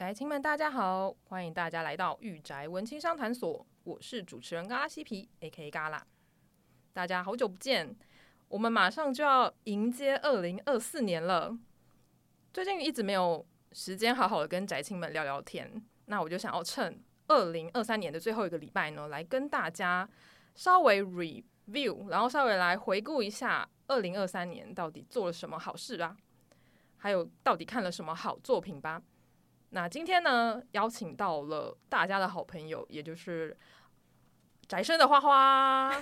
宅青們，大家好！歡迎大家來到御宅文青商談所，我是主持人嘎拉嬉皮，a.k.a. 嘎拉。大家好久不見，我們馬上就要迎接二零二四年了。最近一直沒有時間好好的跟宅青們聊聊天，那我就想要趁二零二三年的最後一個禮拜呢，來跟大家稍微 review，然後稍微來回顧一下二零二三年到底做了什麼好事啊，還有到底看了什麼好作品吧。那今天呢，邀請到了大家的好朋友，也就是宅聲的花花。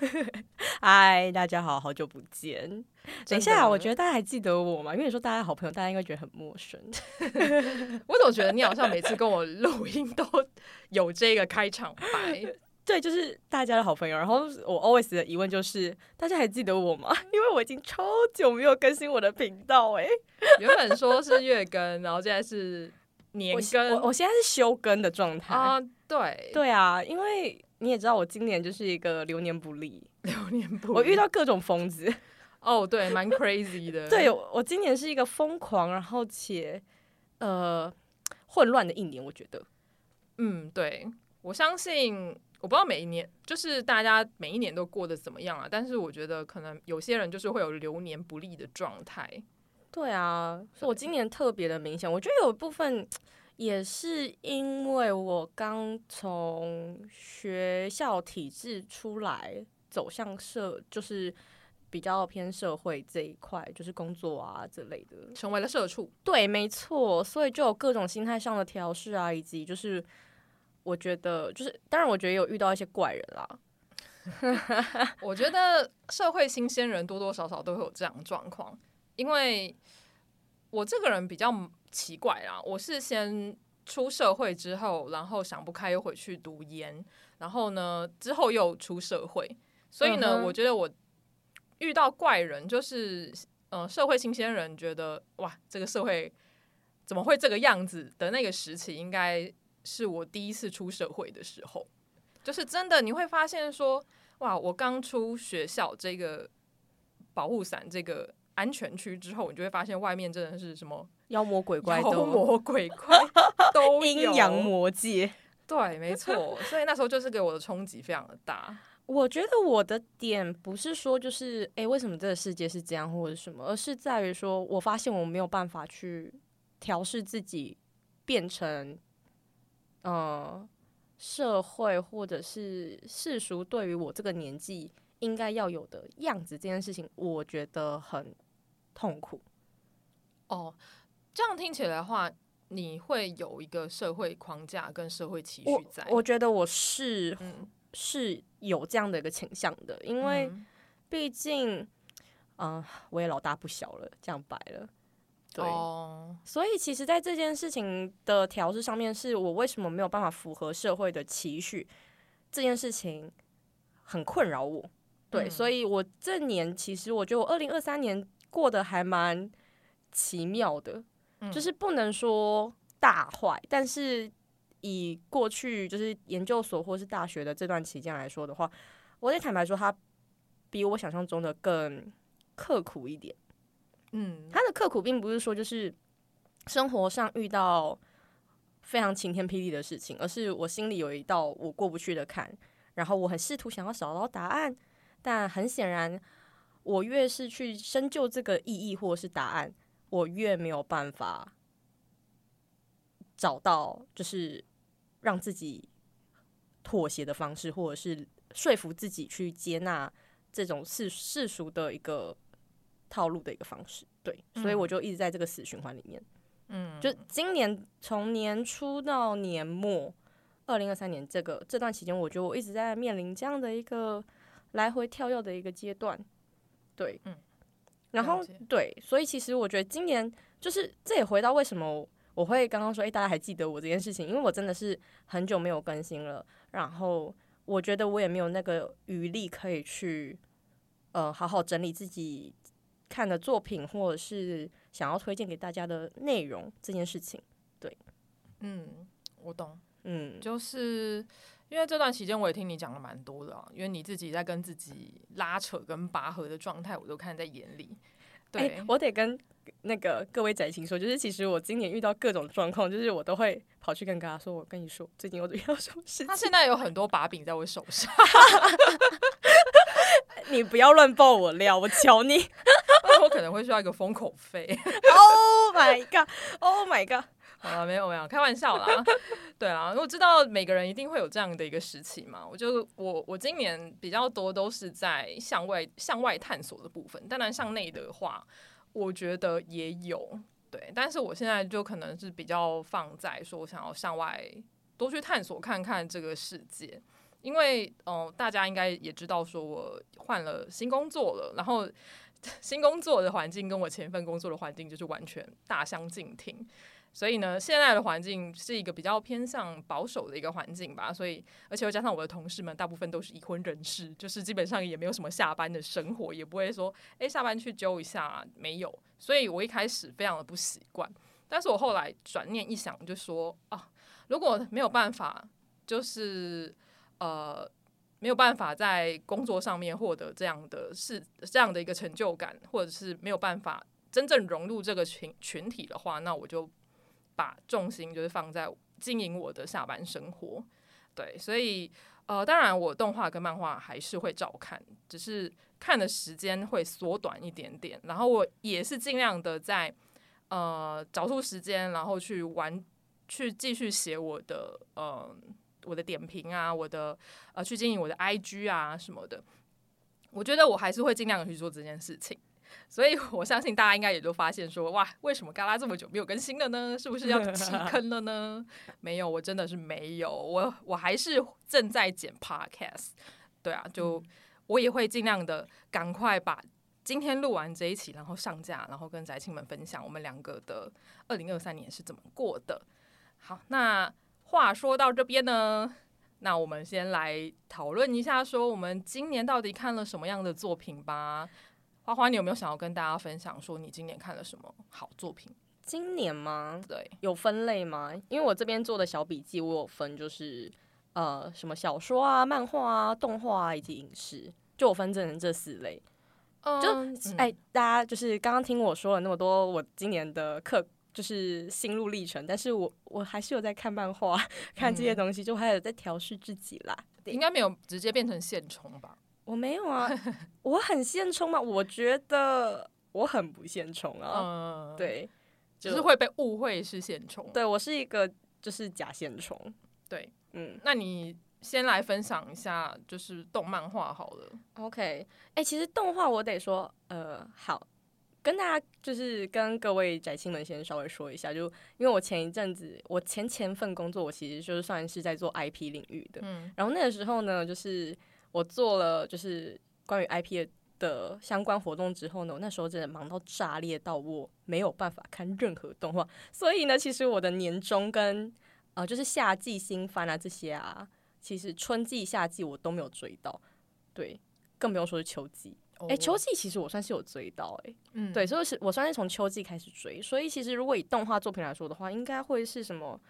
嗨， 大家好，好久不見！等一下，我覺得大家還記得我嗎？因為你說大家的好朋友，大家應該覺得很陌生。 我總覺得你好像每次跟我錄音都有這個開場白， 對，就是大家的好朋友。然後我 always 的疑問就是， 大家還記得我嗎？因為我已經超久沒有更新我的頻道誒、欸， 原本說是月更，然後現在是。年更，我跟我，我現在是休更的狀態啊，uh, 對，對啊，因為你也知道，我今年就是一個流年不利，流年不利，我遇到各種瘋子，哦， oh, 對，蠻 crazy 的， 對我，我今年是一個瘋狂，然後且呃混亂的一年，我覺得，嗯，對，我相信，我不知道每一年，就是大家每一年都過得怎麼樣了，啊，但是我覺得可能有些人就是會有流年不利的狀態。對啊，所以我今年特別的明顯。對我覺得有一部分也是因為我剛從學校體制出來，走向社，就是比較偏社會這一塊，就是工作啊之類的，成為了社畜。對，沒錯，所以就有各種心態上的調試啊，以及就是我覺得就是，當然我覺得有遇到一些怪人啦。 我覺得社會新鮮人多多少少都會有這樣的狀況。因為我這個人比較奇怪啦，我是先出社會之後，然後想不開又回去讀研，然後呢，之後又出社會，呵所以呢，我覺得我遇到怪人，就是呃，社會新鮮人覺得哇，這個社會怎麼會這個樣子的那個時期，應該是我第一次出社會的時候，就是真的你會發現說，哇，我剛出學校這個保護傘這個。安全區之後，你就會發現外面真的是什麼妖魔鬼怪，妖魔鬼怪都有，陰陽魔界。 魔對，沒錯。所以那時候就是給我的衝擊非常的大。我覺得我的點不是說就是哎，欸，為什麼這個世界是這樣或者什麼，而是在於說，我發現我沒有辦法去調適自己，變成嗯，呃、社會或者是世俗對於我這個年紀應該要有的樣子這件事情，我覺得很。痛苦哦。這樣聽起來的話，你會有一個社會框架跟社會期許在我。我覺得我是、嗯、是有這樣的一個傾向的，因為畢竟，嗯、呃，我也老大不小了，這樣擺了。對，哦、所以其實，在這件事情的調試上面，是我為什麼沒有辦法符合社會的期許這件事情，很困擾我。對，嗯、所以我這年其實，我覺得我二零二三年，過得還蠻奇妙的，就是不能說大壞，嗯、但是以過去就是研究所或是大學的這段期間來說的話，我得坦白說，他比我想象中的更刻苦一點。嗯，他的刻苦並不是說就是生活上遇到非常晴天霹靂的事情，而是我心裡有一道我過不去的坎，然後我很試圖想要找到答案，但很顯然。我越是去深究這個意義或是答案，我越沒有辦法找到，就是讓自己妥協的方式，或者是說服自己去接納這種世世俗的一個套路的一個方式。對，所以我就一直在這個死循環裡面。嗯，就今年從年初到年末，2023年這個這段期間，我覺得我一直在面臨這樣的一個來回跳躍的一個階段。對，嗯，然後對，對，所以其實我覺得今年就是這也回到為什麼我會剛剛說，哎、欸，大家還記得我這件事情，因為我真的是很久沒有更新了，然後我覺得我也沒有那個餘力可以去，呃，好好整理自己看的作品或者是想要推薦給大家的內容這件事情。對，嗯，我懂，嗯，就是。因為這段期間我也聽你講了蠻多的、啊，因為你自己在跟自己拉扯跟拔河的狀態，我都看在眼裡。對，欸、我得跟那個各位宅青說，就是其實我今年遇到各種狀況，就是我都會跑去跟他說，我跟你說，最近我遇到什麼事情。他現在有很多把柄在我手上， 你不要亂爆我料，我求你。 我可能會需要一個封口費。Oh my god! Oh my god! 啊，沒有沒有，開玩笑啦，對啊，因為我知道每個人一定會有這樣的一個時期嘛。我就我我今年比較多都是在向外向外探索的部分，當然向內的話，我覺得也有對。但是我現在就可能是比較放在說，我想要向外多去探索看看這個世界，因為哦、呃，大家應該也知道，說我換了新工作了，然後新工作的環境跟我前一份工作的環境就是完全大相徑庭。所以呢，現在的環境是一個比較偏向保守的一個環境吧。所以，而且又加上我的同事們大部分都是已婚人士，就是基本上也沒有什麼下班的生活，也不會說，哎、欸，下班去揪一下沒有。所以我一開始非常的不習慣，但是我後來轉念一想，就說，啊，如果沒有辦法，就是呃，沒有辦法在工作上面獲得這樣的是這樣的一個成就感，或者是沒有辦法真正融入這個群群體的話，那我就。把重心就是放在經營我的下班生活，對，所以呃，當然我動畫跟漫畫還是會照看，只是看的時間會縮短一點點。然後我也是盡量的在呃找出時間，然後去玩，去繼續寫我的嗯、呃、我的點評啊，我的呃去經營我的 IG 啊什麼的。我覺得我還是會盡量的去做這件事情。所以，我相信大家應該也都發現說，哇，為什麼嘎拉這麼久沒有更新了呢？是不是要棄坑了呢？沒有，我真的是沒有，我我還是正在剪 podcast。對啊，就我也會儘量的趕快把今天錄完這一期，然後上架，然後跟宅青們分享我們兩個的二零二三年是怎麼過的。好，那話說到這邊呢，那我們先來討論一下，說我們今年到底看了什麼樣的作品吧。花花，你有沒有想要跟大家分享說你今年看了什麼好作品？今年嗎？對，有分類嗎？因為我這邊做的小筆記，我有分就是呃，什麼小說啊、漫畫啊、動畫啊，以及影視，就我分成這四類。就哎、嗯，大家就是剛剛聽我說了那麼多，我今年的課就是心路歷程，但是我我還是有在看漫畫，看這些東西，就還有在調適自己啦。嗯、對應該沒有直接變成現充吧？我沒有啊， 我很現充嗎？我覺得我很不現充啊，嗯、對，就，就是會被誤會是現充。對，我是一個就是假現充，對，嗯。那你先來分享一下就是動漫畫好了，OK？哎、欸，其實動畫我得說，呃，好，跟大家就是跟各位宅青們先稍微說一下，就因為我前一陣子我前前份工作，我其實就是算是在做 IP 領域的，嗯，然後那個時候呢，就是。我做了就是關於 IP 的相關活動之後呢，我那時候真的忙到炸裂，到我沒有辦法看任何動畫。所以呢，其實我的年終跟呃，就是夏季新番啊這些啊，其實春季、夏季我都沒有追到，對，更不用說是秋季。哎、欸，秋季其實我算是有追到、欸，哎、嗯，對，所以是我算是從秋季開始追。所以其實如果以動畫作品來說的話，應該會是什麼？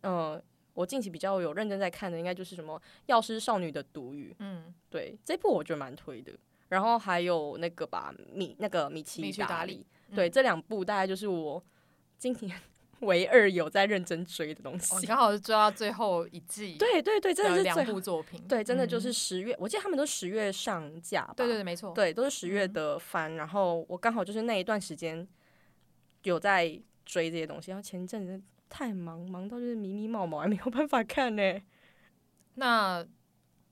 嗯、呃。我近期比較有認真在看的，應該就是什麼《藥師少女的獨語》。嗯，對，這部我覺得蠻推的。然後還有那個吧，米那個米奇與達利。理嗯、對，這兩部大概就是我今年唯二有在認真追的東西。剛、哦、好是追到最後一季。 對對對，真的是兩部作品。對，真的就是十月，嗯、我記得他們都十月上架。對對對，沒，沒錯。對，都是十月的番。嗯、然後我剛好就是那一段時間有在追這些東西。然後前一陣子。太忙，忙到就是迷迷茫茫，沒有辦法看呢、欸。那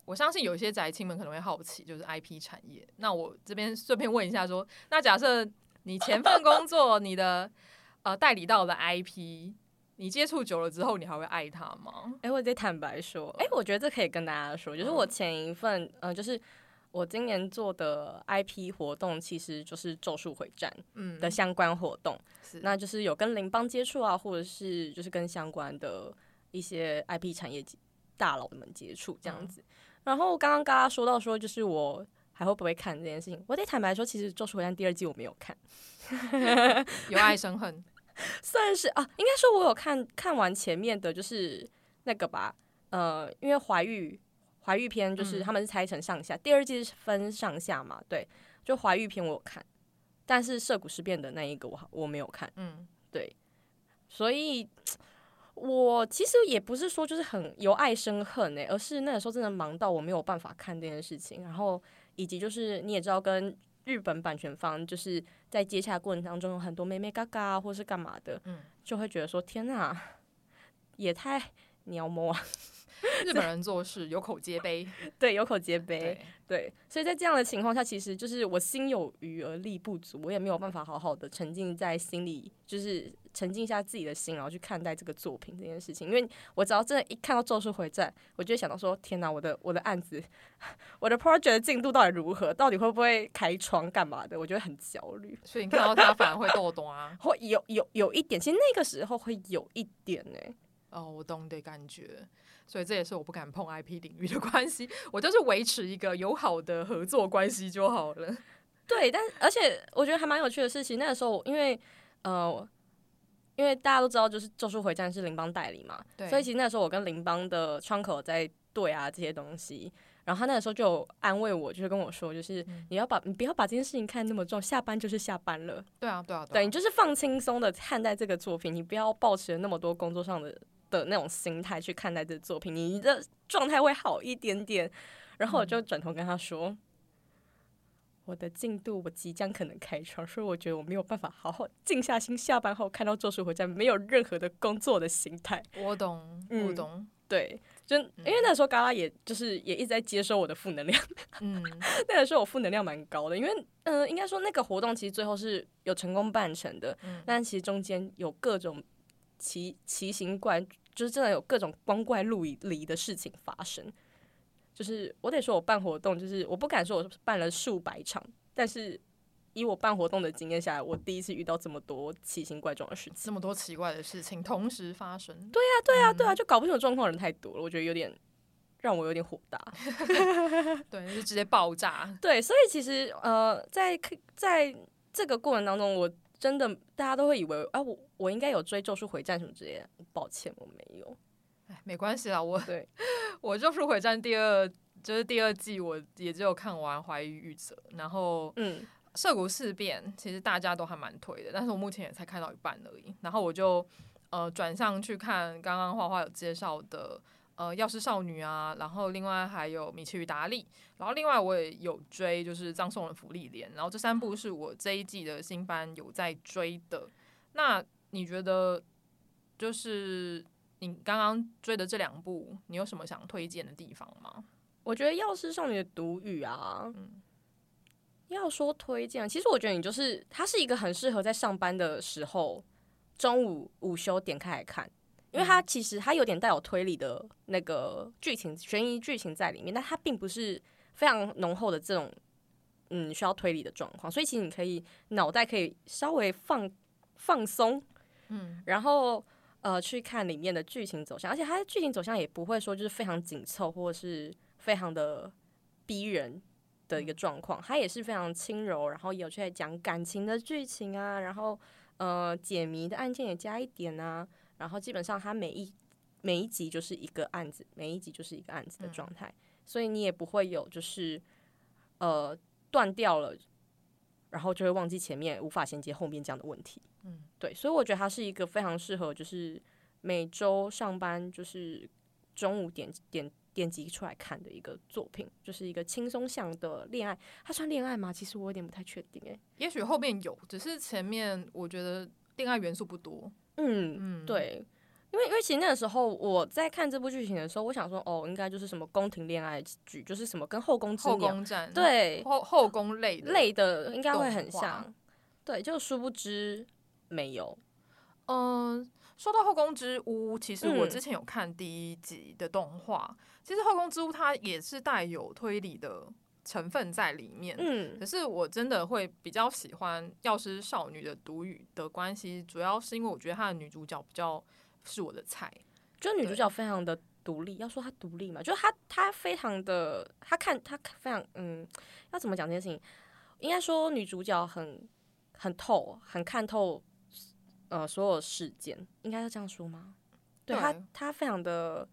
我相信有一些宅青們可能會好奇，就是 IP 產業。那我這邊順便問一下，說，那假設你前份工作，你的 呃代理到的 IP，你接觸久了之後，你還會愛他嗎？誒、欸，我得坦白說，哎、欸，我覺得這可以跟大家說，就是我前一份，嗯、呃，就是。我今年做的 IP 活動其實就是《咒術回戰》嗯的相關活動，嗯、是，那就是有跟鄰邦接觸啊，或者是就是跟相關的一些 IP 產業大佬們接觸這樣子。嗯、然後剛剛大家說到說，就是我還會不會看這件事情？我得坦白說，其實《咒術回戰》第二季我沒有看， 有愛生恨， 算是啊，應該說我有看，看完前面的，就是那個吧，呃，因為懷玉。懷玉篇就是他們是拆成上下，嗯、第二季是分上下嘛？對，就懷玉篇我有看，但是澀谷事變的那一個我我沒有看，嗯，對，所以我其實也不是說就是很由愛生恨哎、欸，而是那個時候真的忙到我沒有辦法看這件事情，然後以及就是你也知道跟日本版權方就是在接洽過程當中有很多妹妹嘎嘎或是幹嘛的，嗯、就會覺得說天哪、啊，也太鳥摸啊！日本人做事有口皆碑， 對，有口皆碑，對，對，所以在這樣的情況下，其實就是我心有餘而力不足，我也沒有辦法好好的沉浸在心裡，就是沉浸下自己的心，然後去看待這個作品這件事情。因為我只要真的，一看到《咒術回戰》，我就想到說，天哪，我的我的案子，我的 project 進度到底如何，到底會不會開窗幹嘛的？我覺得很焦慮。所以你看到他，反而會懂懂啊？會 有有有，有一點，其實那個時候會有一點呢、欸。哦，我懂的感覺。所以這也是我不敢碰 IP 領域的關係，我就是維持一個友好的合作關係就好了。對，但而且我覺得還蠻有趣的事情，那個時候因為呃，因為大家都知道，就是《咒術回戰》是羚邦代理嘛，對。所以其實那時候我跟羚邦的窗口在對啊這些東西，然後他那個時候就安慰我，就是跟我說，就是、嗯、你要把你不要把這件事情看那麼重，下班就是下班了。對啊，對啊，對啊，對，你就是放輕鬆的看待這個作品，你不要抱持那麼多工作上的。的那種心態去看待這作品，你的狀態會好一點點。然後我就轉頭跟他說：“嗯、我的進度，我即將可能開創，所以我覺得我沒有辦法好好靜下心，下班後看到做事回家，沒有任何的工作的心態。”我懂，我懂。嗯、對，就、嗯、因為那時候嘎拉也就是也一直在接受我的負能量。 嗯， 那個時候我負能量蠻高的，因為嗯、呃，應該說那個活動其實最後是有成功辦成的，嗯、但其實中間有各種奇奇形怪。就是真的有各種光怪陸離的事情發生。就是我得說，我辦活動，就是我不敢說我辦了數百場，但是以我辦活動的經驗下來，我第一次遇到這麼多奇形怪狀的事情，這麼多奇怪的事情同時發生。對呀、啊，對呀、啊，對呀、啊，就搞不清楚狀況的人太多了，我覺得有點讓我有點火大。 對，就是、直接爆炸。對，所以其實呃，在在這個過程當中，我真的大家都會以為啊、呃，我。我應該有追《咒術回戰》什麼之類的，抱歉我沒有。哎，沒關係啦，我對我《咒術回戰》第二就是第二季，我也只有看完《懷玉·玉折》，然後嗯，《澀谷事變》其實大家都還蠻推的，但是我目前也才看到一半而已。然後我就呃轉向去看剛剛花花有介紹的呃《藥師少女》啊，然後另外還有《米奇與達利》，然後另外我也有追就是《葬送的芙莉蓮》，然後這三部是我這一季的新番有在追的。那你覺得就是你剛剛追的這兩部，你有什麼想推薦的地方嗎？我覺得《藥師少女獨語》啊，嗯、要說推薦，其實我覺得你就是，它是一個很適合在上班的時候中午午休點開來看，因為它其實它有點帶有推理的那個劇情，懸疑劇情在裡面，但它並不是非常濃厚的這種嗯需要推理的狀況，所以其實你可以腦袋可以稍微放放鬆。嗯，然後呃去看裡面的劇情走向，而且它的劇情走向也不會說就是非常緊湊或者是非常的逼人的一個狀況，它也是非常輕柔，然後有趣，講感情的劇情啊，然後呃解謎的案件也加一點啊，然後基本上它每一每一集就是一個案子，每一集就是一個案子的狀態，嗯、所以你也不會有就是呃斷掉了。然後就會忘記前面無法銜接後面這樣的問題，嗯，對，所以我覺得它是一個非常適合就是每周上班就是中午點點點擊出來看的一個作品，就是一個輕鬆向的戀愛。它算戀愛嗎？其實我有點不太確定哎、欸，也許後面有，只是前面我覺得戀愛元素不多，嗯，嗯，對。因為因為其實那個時候我在看這部劇情的時候，我想說哦，應該就是什麼宮廷戀愛劇，就是什麼跟後宮之，後宮戰對後後宮類的類的應該會很像，畫對，就殊不知沒有。嗯、呃，說到後宮之屋，其實我之前有看第一集的動畫，嗯、其實後宮之屋它也是帶有推理的成分在裡面。嗯，可是我真的會比較喜歡藥師少女的獨語的關係，主要是因為我覺得她的女主角比較。是我的菜，就女主角非常的獨立。對要說她獨立嘛，就是她她非常的，她看她非常嗯，要怎麼講這件事情？應該說女主角很很透，很看透呃所有事件，應該要這樣說嗎？對。她她非常的，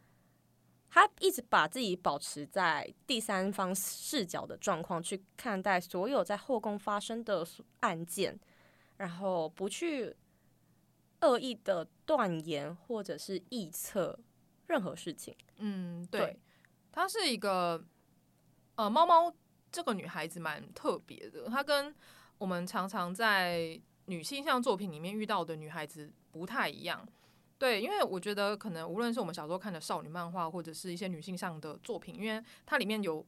她一直把自己保持在第三方視角的狀況去看待所有在後宮發生的案件，然後不去。惡意的斷言或者是臆測任何事情，嗯，對，對，她是一個呃，貓貓這個女孩子蠻特別的，她跟我們常常在女性向作品裡面遇到的女孩子不太一樣，對，因為我覺得可能無論是我們小時候看的少女漫畫，或者是一些女性向的作品，因為它裡面有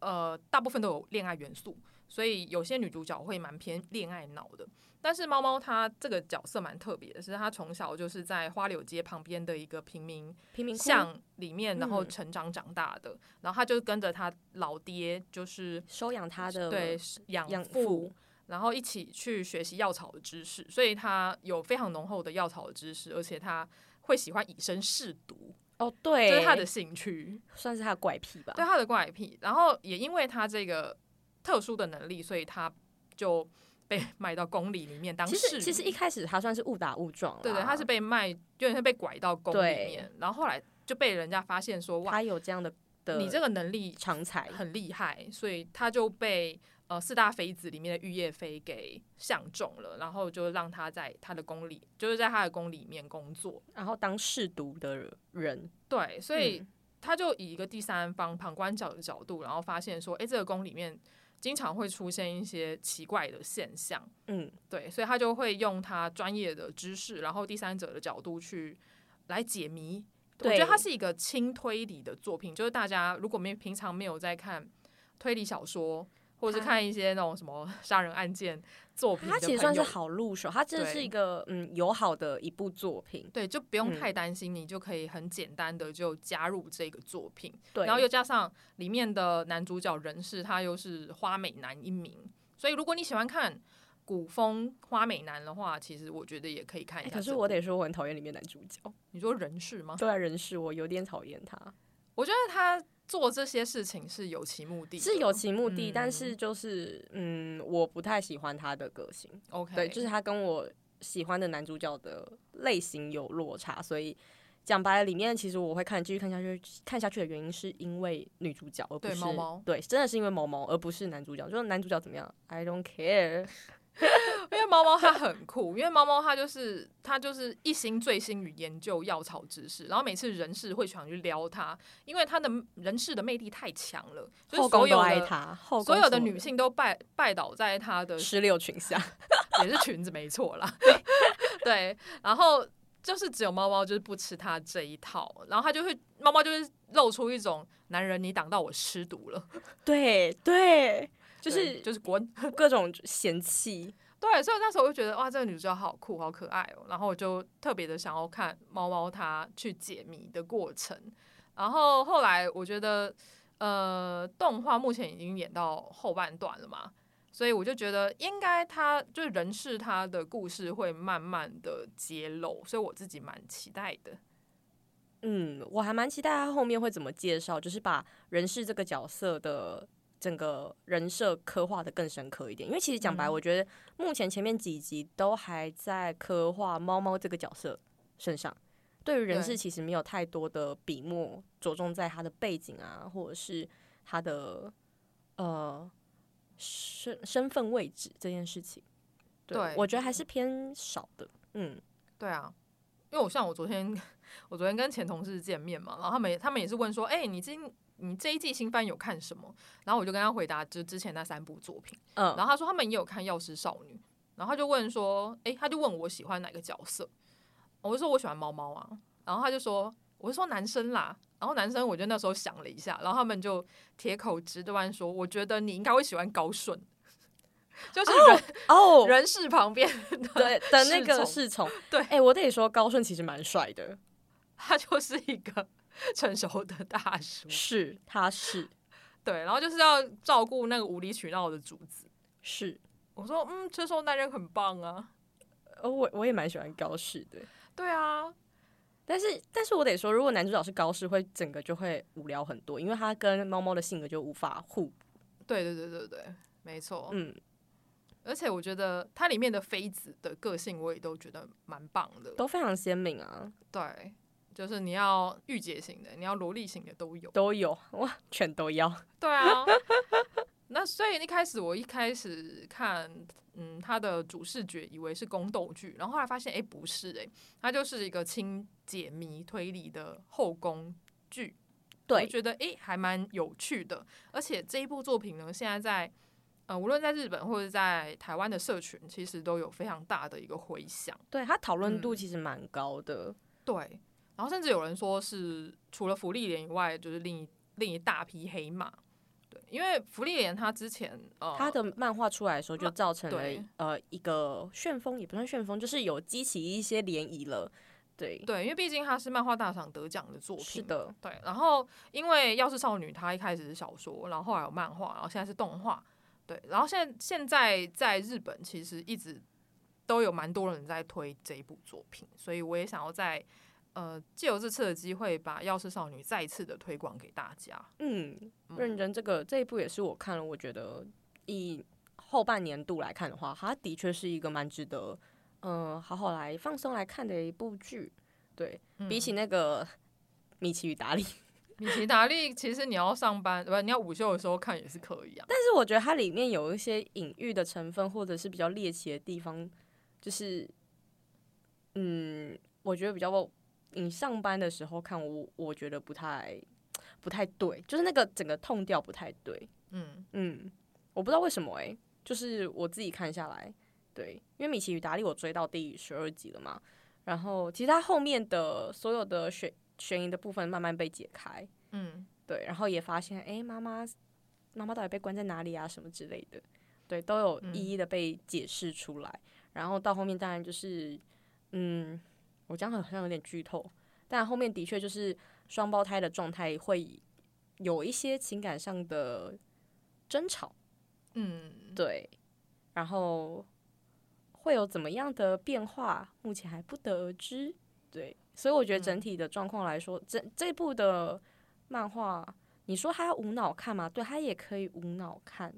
呃大部分都有戀愛元素。所以有些女主角會蠻偏戀愛腦的，但是貓貓它這個角色蠻特別的，是它從小就是在花柳街旁邊的一個平民平民巷裡面，然後成長長大的，嗯，然後它就跟着它老爹，就是收養它的對養父，父然後一起去學習藥草的知識，所以它有非常濃厚的藥草的知識，而且它會喜歡以身試毒哦，對，這是它的興趣，算是它的怪癖吧，對，它的怪癖，然後也因為它這個。特殊的能力，所以他就被賣到宮裡裡面當侍。其實一開始他算是誤打誤撞，啊，對，對對，他是被賣，因為他被拐到宮裡面，對然後後來就被人家發現說，哇，他有這樣的，哇你這個能力長才很厲害，所以他就被呃四大妃子裡面的玉葉妃給相中了，然後就讓他在他的宮裡，就是在他的宮裡面工作，然後當侍讀的人。對，所以他就以一個第三方旁觀者的角度，然後發現說，哎，欸，這個宮裡面。經常會出現一些奇怪的現象，嗯，對，所以他就會用他專業的知識，然後第三者的角度去來解謎。對我覺得他是一個輕推理的作品，就是大家如果沒平常沒有在看推理小說，或者是看一些那種什麼殺人案件，啊 它其實算是好入手，它真的是一個對嗯友好的一部作品，對，就不用太擔心，嗯、你就可以很簡單的就加入這個作品，對，然後又加上裡面的男主角人事，他又是花美男一名，所以如果你喜歡看古風花美男的話，其實我覺得也可以看一下、欸。可是我得說，我很討厭裡面男主角，你說人事嗎？對，人事，我有點討厭他，我覺得他。做這些事情是有其目的的，是有其目的，嗯，但是就是，嗯，我不太喜歡他的個性。OK，對，就是他跟我喜歡的男主角的類型有落差，所以講白了，裡面其實我會看，繼續看下去，看下去的原因是因為女主角，而不是對，貓貓，對，真的是因為毛毛，而不是男主角，就是男主角怎麼樣？I don't care。因為貓貓它很酷，因為貓貓它就是它就是一心醉心於研究藥草知識，然後每次壬氏會想去撩它，因為它的壬氏的魅力太強了，就是、所有的後宮都愛他，後宮所有的女性都拜拜倒在他的石榴裙下，也是裙子沒錯啦。 對，然後就是只有貓貓就是不吃它這一套，然後它就會貓貓就是露出一種男人，你擋到我試毒了，對對，對就是對就是滾，各種嫌棄。對，所以那時候我就覺得，哇，這個女主角好酷，好可愛哦，然後我就特別的想要看貓貓它去解謎的過程。然後後來我覺得，呃，動畫目前已經演到後半段了嘛，所以我就覺得應該它就是壬氏它的故事會慢慢的揭露，所以我自己蠻期待的。嗯，我還蠻期待她後面會怎麼介紹，就是把壬氏這個角色的。整個人設刻畫得更深刻一點，因為其實講白，我覺得目前前面幾集都還在刻畫貓貓這個角色身上，對於人設其實沒有太多的筆墨，着重在他的背景啊，或者是他的呃身身份位置這件事情。對，對我覺得還是偏少的。嗯，對啊，因為我像我昨天，我昨天跟前同事見面嘛，然後他們他們也是問說，哎、欸，你今你這一季新番有看什麼？然後我就跟他回答，就之前那三部作品。嗯，然後他說他們也有看《藥師少女》，然後他就問說：“哎，他就問我喜歡哪個角色？”我就說：“我喜歡貓貓啊。”然後他就說：“我就說男生啦。”然後男生，我就那時候想了一下，然後他們就鐵口直斷說：“我覺得你應該會喜歡高順。”就是人哦，壬氏旁邊的對的那個侍從。對，誒，我得說高順其實蠻帥的，他就是一個。成熟的大叔是，他是，對，然後就是要照顧那個無理取鬧的主子。是。我說嗯，成熟男人很棒啊，呃，我我也蠻喜歡高士的。對啊，但是但是我得說，如果男主角是高士會，會整個就會無聊很多，因為他跟貓貓的性格就無法互補。對對對對對，沒錯。嗯，而且我覺得他裡面的妃子的個性，我也都覺得蠻棒的，都非常鮮明啊。對。就是你要御姐型的，你要蘿莉型的都有，都有，哇，全都要。對啊， 那所以一開始我一開始看，嗯，它的主視覺以為是宮鬥劇，然後，後來發現，哎、欸，不是、欸，誒，它就是一個輕解謎推理的後宮劇。對，我覺得哎、欸，還蠻有趣的。而且這一部作品呢，現在在呃，無論在日本或者在台灣的社群，其實都有非常大的一個回響。對，它討論度其實蠻高的。嗯、對。然後甚至有人說是除了芙莉蓮以外，就是另一另一大批黑馬，對，因為芙莉蓮它之前呃，他的漫畫出來的時候就造成了對呃一個旋風，也不算旋風，就是有激起一些漣漪了，對，對，因為畢竟他是漫畫大賞得獎的作品，是的，對。然後因為《藥師少女》它一開始是小說，然後後來有漫畫，然後現在是動畫，對。然後現現在在日本其實一直都有蠻多人在推這一部作品，所以我也想要在。呃，借由這次的機會，把《藥師少女》再次的推廣給大家。嗯，認真這個這一部也是我看了，我覺得以後半年度來看的話，它的確是一個蠻值得，嗯、呃，好好來放鬆來看的一部劇。對、嗯、比起那個《米奇與達利》，米奇達利其實你要上班 不？你要午休的時候看也是可以啊。但是我覺得它裡面有一些隱喻的成分，或者是比較獵奇的地方，就是嗯，我覺得比較。你上班的時候看我，我覺得不太不太對，就是那個整個 tone 調不太對。嗯嗯，我不知道為什麼哎、欸，就是我自己看下來，對，因為《米奇與達利》我追到第十二集了嘛，然後其實他後面的所有的懸懸疑的部分慢慢被解開，嗯，對，然後也發現哎，媽媽媽媽到底被關在哪裡啊什麼之類的，對，都有一一的被解釋出來，嗯、然後到後面當然就是嗯。我講好像有點劇透，但後面的確就是雙胞胎的狀態會有一些情感上的爭吵，嗯，對，然後會有怎麼樣的變化，目前還不得而知，對，所以我覺得整體的狀況來說，嗯、這這部的漫畫，你說他無腦看嗎？對，它也可以無腦看，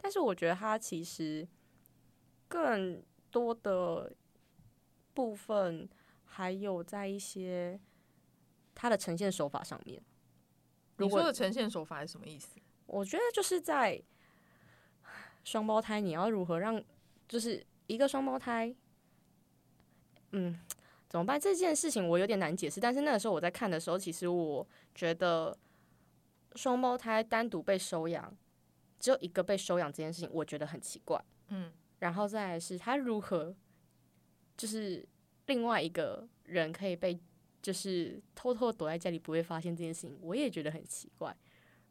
但是我覺得它其實更多的部分。還有在一些他的呈現手法上面，你說的呈現手法是什麼意思？我覺得就是在雙胞胎，你要如何讓就是一個雙胞胎，嗯，怎麼辦？這件事情我有點難解釋。但是那個時候我在看的時候，其實我覺得雙胞胎單獨被收養，只有一個被收養這件事情，我覺得很奇怪。嗯，然後再是他如何就是。另外一個人可以被就是偷偷躲在家裡，不會發現這件事情，我也覺得很奇怪。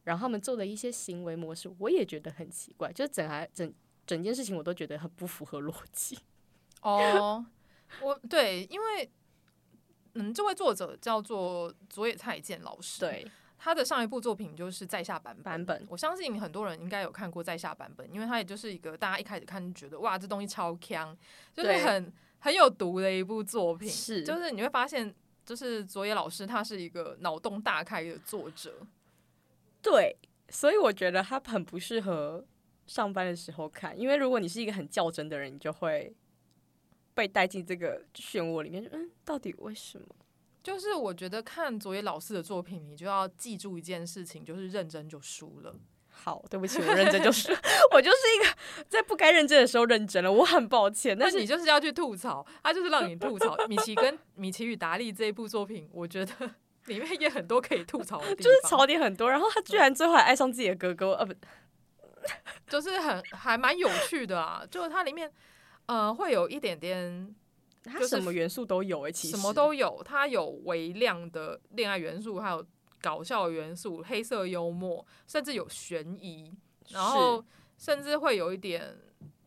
然後他們做的一些行為模式，我也覺得很奇怪。就整來整整件事情，我都覺得很不符合邏輯、oh。 哦，我對，因為嗯，這位作者叫做佐野菜見老師。對，他的上一部作品就是在下坂本坂本。我相信很多人應該有看過在下坂本，因為他也就是一個大家一開始看覺得哇，這東西超強，就是很。很有毒的一部作品，是就是你會發現，就是佐野老師他是一個腦洞大開的作者，對，所以我覺得他很不適合上班的時候看，因為如果你是一個很較真的人，你就會被帶進這個漩渦裡面。嗯，到底為什麼？就是我覺得看佐野老師的作品，你就要記住一件事情，就是認真就輸了。好，對不起，我認真就是 我就是一個在不該認真的時候認真了，我很抱歉。但是你就是要去吐槽，他就是讓你吐槽《 米奇》跟《米奇與達利》這一部作品，我覺得裡面也很多可以吐槽的地方，就是槽點很多。然後他居然最後還愛上自己的哥哥，呃、啊，不，就是很還蠻有趣的啊。就是它裡面，呃，會有一點點，就什麼元素都有哎，其實什麼都有，它有微量的戀愛元素，還有。搞笑元素、黑色幽默，甚至有懸疑，然後甚至會有一點是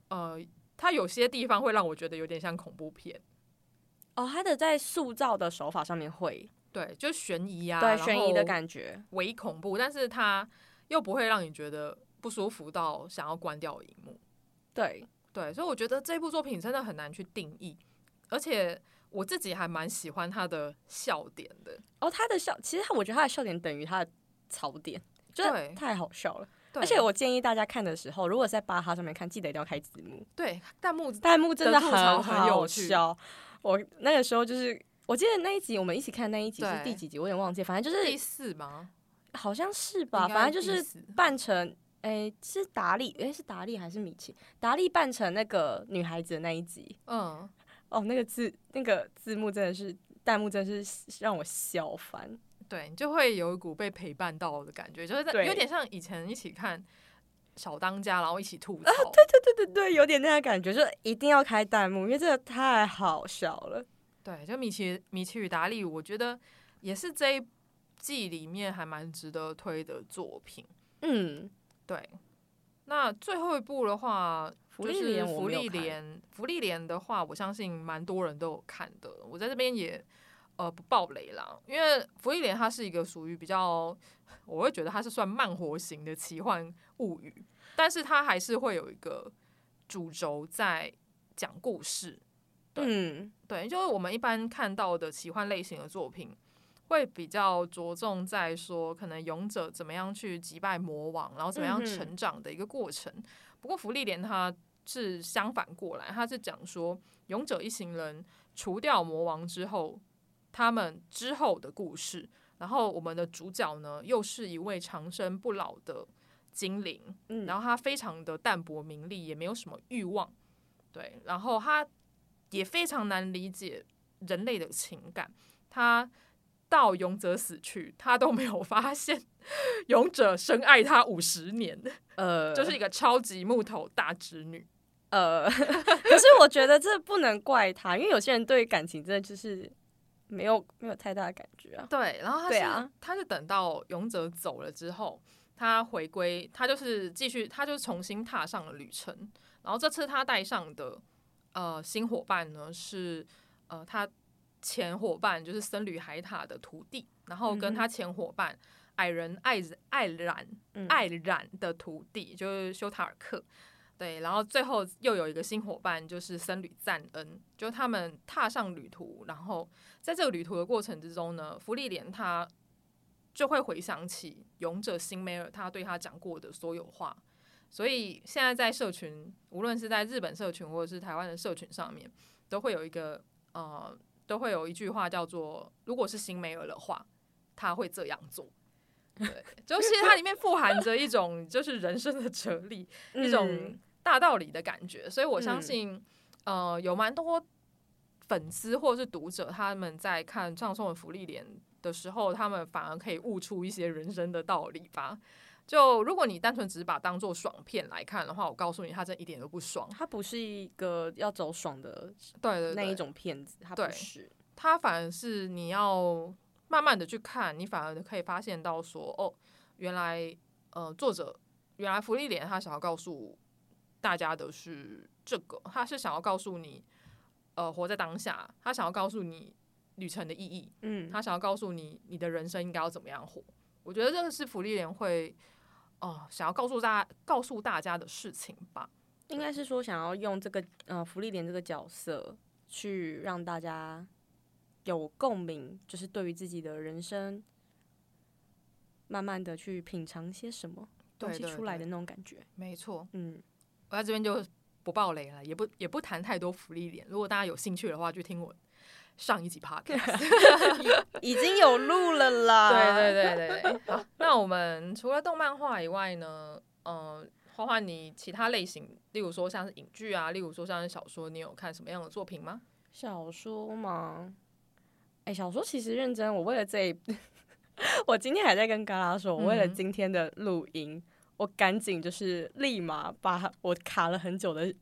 呃，它有些地方會讓我覺得有點像恐怖片。哦，它的在塑造的手法上面會，對，就是懸疑啊，對，懸疑的感覺，微恐怖，但是它又不會讓你覺得不舒服到想要關掉熒幕。對，對，所以我覺得這部作品真的很難去定義，而且。我自己還蠻喜歡他的笑點的哦，他的笑，其實我覺得他的笑點等於他的槽點，覺得對太好笑了。對而且我建議大家看的時候，如果在巴哈上面看，記得一定要開字幕。對，彈幕彈幕真的很很有趣很。我那個時候就是，我記得那一集我們一起看的那一集是第幾集？對我有點忘記，反正就是第四嗎？好像是吧，是反正就是扮成哎、欸、是達利，哎、欸、是達利還是米奇？達利扮成那個女孩子的那一集，嗯。哦，那個字那個字幕真的是彈幕，真的是讓我笑翻。對，你就會有一股被陪伴到的感覺，對就是在有點像以前一起看《小當家》，然後一起吐槽。啊，對對對對對，有點那個感覺，就一定要開彈幕，因為真的太好笑了。對，就米奇米奇與達利，我覺得也是這一季裡面還蠻值得推的作品。嗯，對。那最後一部的話，就是福利連，福利連的話，我相信蠻多人都有看的。我在這邊也呃不爆雷啦，因為福利連它是一個屬於比較，我會覺得它是算慢活型的奇幻物語，但是它還是會有一個主軸在講故事。對嗯，對，就是我們一般看到的奇幻類型的作品，會比較着重在說可能勇者怎麼樣去擊敗魔王，然後怎麼樣成長的一個過程。嗯、哼不過福利連它。是相反過來，他是講說勇者一行人除掉魔王之後，他們之後的故事。然後我們的主角呢，又是一位長生不老的精靈，嗯，然後他非常的淡泊名利，也沒有什麼欲望，對，然後他也非常難理解人類的情感，他。到勇者死去，他都沒有發現勇者深愛他五十年。呃，就是一個超級木頭大直女。呃，可是我覺得這不能怪他， 因為有些人對感情真的就是沒有沒有太大的感覺啊。對，然後他是對啊，他就等到勇者走了之後，他回歸，他就是繼續，他就重新踏上了旅程。然後這次他帶上的呃新夥伴呢是呃他。前夥伴就是僧侶海塔的徒弟，然後跟他前夥伴矮人艾艾冉艾冉的徒弟就是修塔爾克，對，然後最後又有一個新夥伴就是僧侶贊恩，就他們踏上旅途，然後在這個旅途的過程之中呢，芙莉蓮他就會回想起勇者辛梅爾他對他講過的所有話，所以現在在社群，無論是在日本社群或者是台灣的社群上面，都會有一個呃。都會有一句話叫做：“如果是辛梅爾的話，他會這樣做。”對，就是它裡面富含着一種就是人生的哲理，嗯、一種大道理的感覺。所以我相信，嗯、呃，有蠻多粉絲或者是讀者他們在看《葬送的芙莉蓮》的時候，他們反而可以悟出一些人生的道理吧。就如果你單純只是把當做爽片來看的話，我告訴你，它這一點都不爽。它不是一個要走爽的，對的那一種片子，它不是。它反而是你要慢慢的去看，你反而可以發現到說，哦，原來，呃，作者原來芙莉蓮他想要告訴大家的是這個，他是想要告訴你，呃，活在當下，他想要告訴你旅程的意義，嗯，他想要告訴你你的人生應該要怎麼樣活。我覺得這個是芙莉蓮會。哦，想要告訴大家告訴大家的事情吧，應該是說，想要用這個嗯、呃、芙莉蓮這個角色去讓大家有共鳴，就是對於自己的人生慢慢的去品嘗些什麼東西出來的那種感覺。對對對，沒錯，嗯，我在這邊就不爆雷了，也不也不談太多芙莉蓮。如果大家有興趣的話，就聽我上一集 podcast 已經有錄了啦。 對對對對，對。好，那我們除了動漫畫以外呢？嗯、呃，花花你其他類型，例如說像是影劇啊，例如說像是小說，你有看什麼樣的作品嗎？小說嗎？哎、欸，小說其實認真，我為了這， 我今天還在跟嘎拉說，我為了今天的錄音，嗯、我趕緊就是立馬把我卡了很久的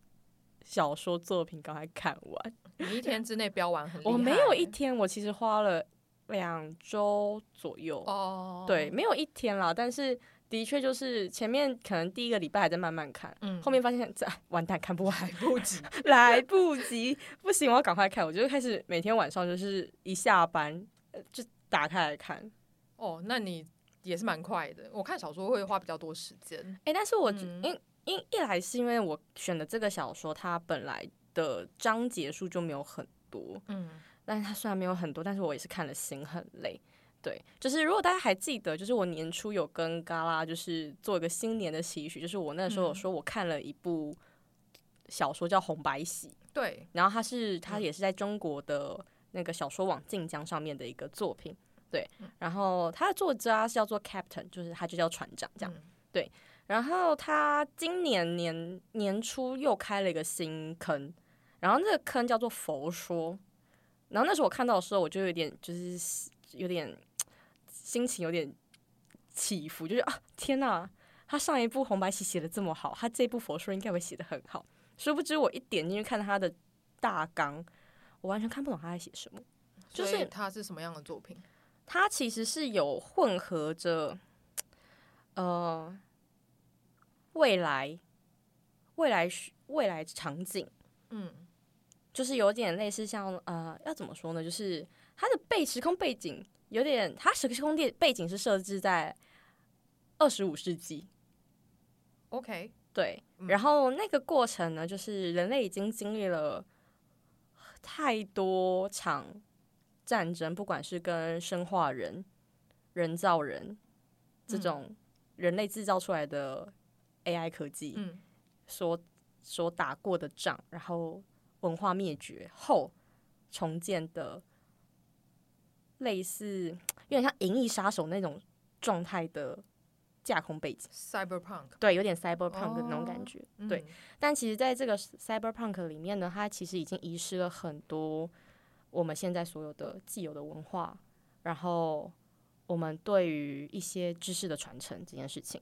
小說作品剛才看完。你一天之內飆完很厲害，欸、我沒有一天，我其實花了兩周左右哦。Oh. 對，沒有一天啦，但是的確就是前面可能第一個禮拜還在慢慢看，嗯，後面發現完蛋，看不完，不及，啊， 來不及，對不行，我要趕快看。我就開始每天晚上就是一下班就打開來看。哦，oh, 那你也是蠻快的。嗯，我看小說會花比較多時間，誒、欸，但是我，嗯，因因一來是因為我選的這個小說它本來。的章節數就沒有很多，嗯，但是他雖然沒有很多，但是我也是看了心很累，對，就是如果大家還記得，就是我年初有跟嘎拉就是做一個新年的期許，就是我那時候有說我看了一部小說叫《紅白喜》，對，然後他是他也是在中國的那個小說網晉江上面的一個作品，對，然後他的作家是叫做 Captain，就是他就叫船長這樣，嗯、對，然後他今年年年初又開了一個新坑。然後那個坑叫做《佛說》，然後那時候我看到的時候，我就有點就是有點心情有點起伏，就是啊，天哪，他上一部《紅白喜》寫的這麼好，他這部《佛說》應該會寫的很好。殊不知我一點進去看他的大綱，我完全看不懂他在寫什麼。就是他是什麼樣的作品？就是，他其實是有混合着呃未來未來未來的場景，嗯。就是有點類似像呃，要怎麼說呢？就是它的背時空背景有點，它時空背背景是設置在二十五世紀。OK，對。然後那個過程呢，就是人類已經經歷了太多場戰爭，不管是跟生化人、人造人這種人類制造出來的 AI 科技，嗯、所所打過的仗，然後。文化滅絕後重建的類似有點像《銀翼殺手》那種狀態的架空背景，Cyberpunk 對，有點 Cyberpunk 的那種感覺。Oh, 對，嗯，但其實在這個 Cyberpunk 裡面呢，它其實已經遺失了很多我們現在所有的既有的文化，然後我們對於一些知識的傳承這件事情。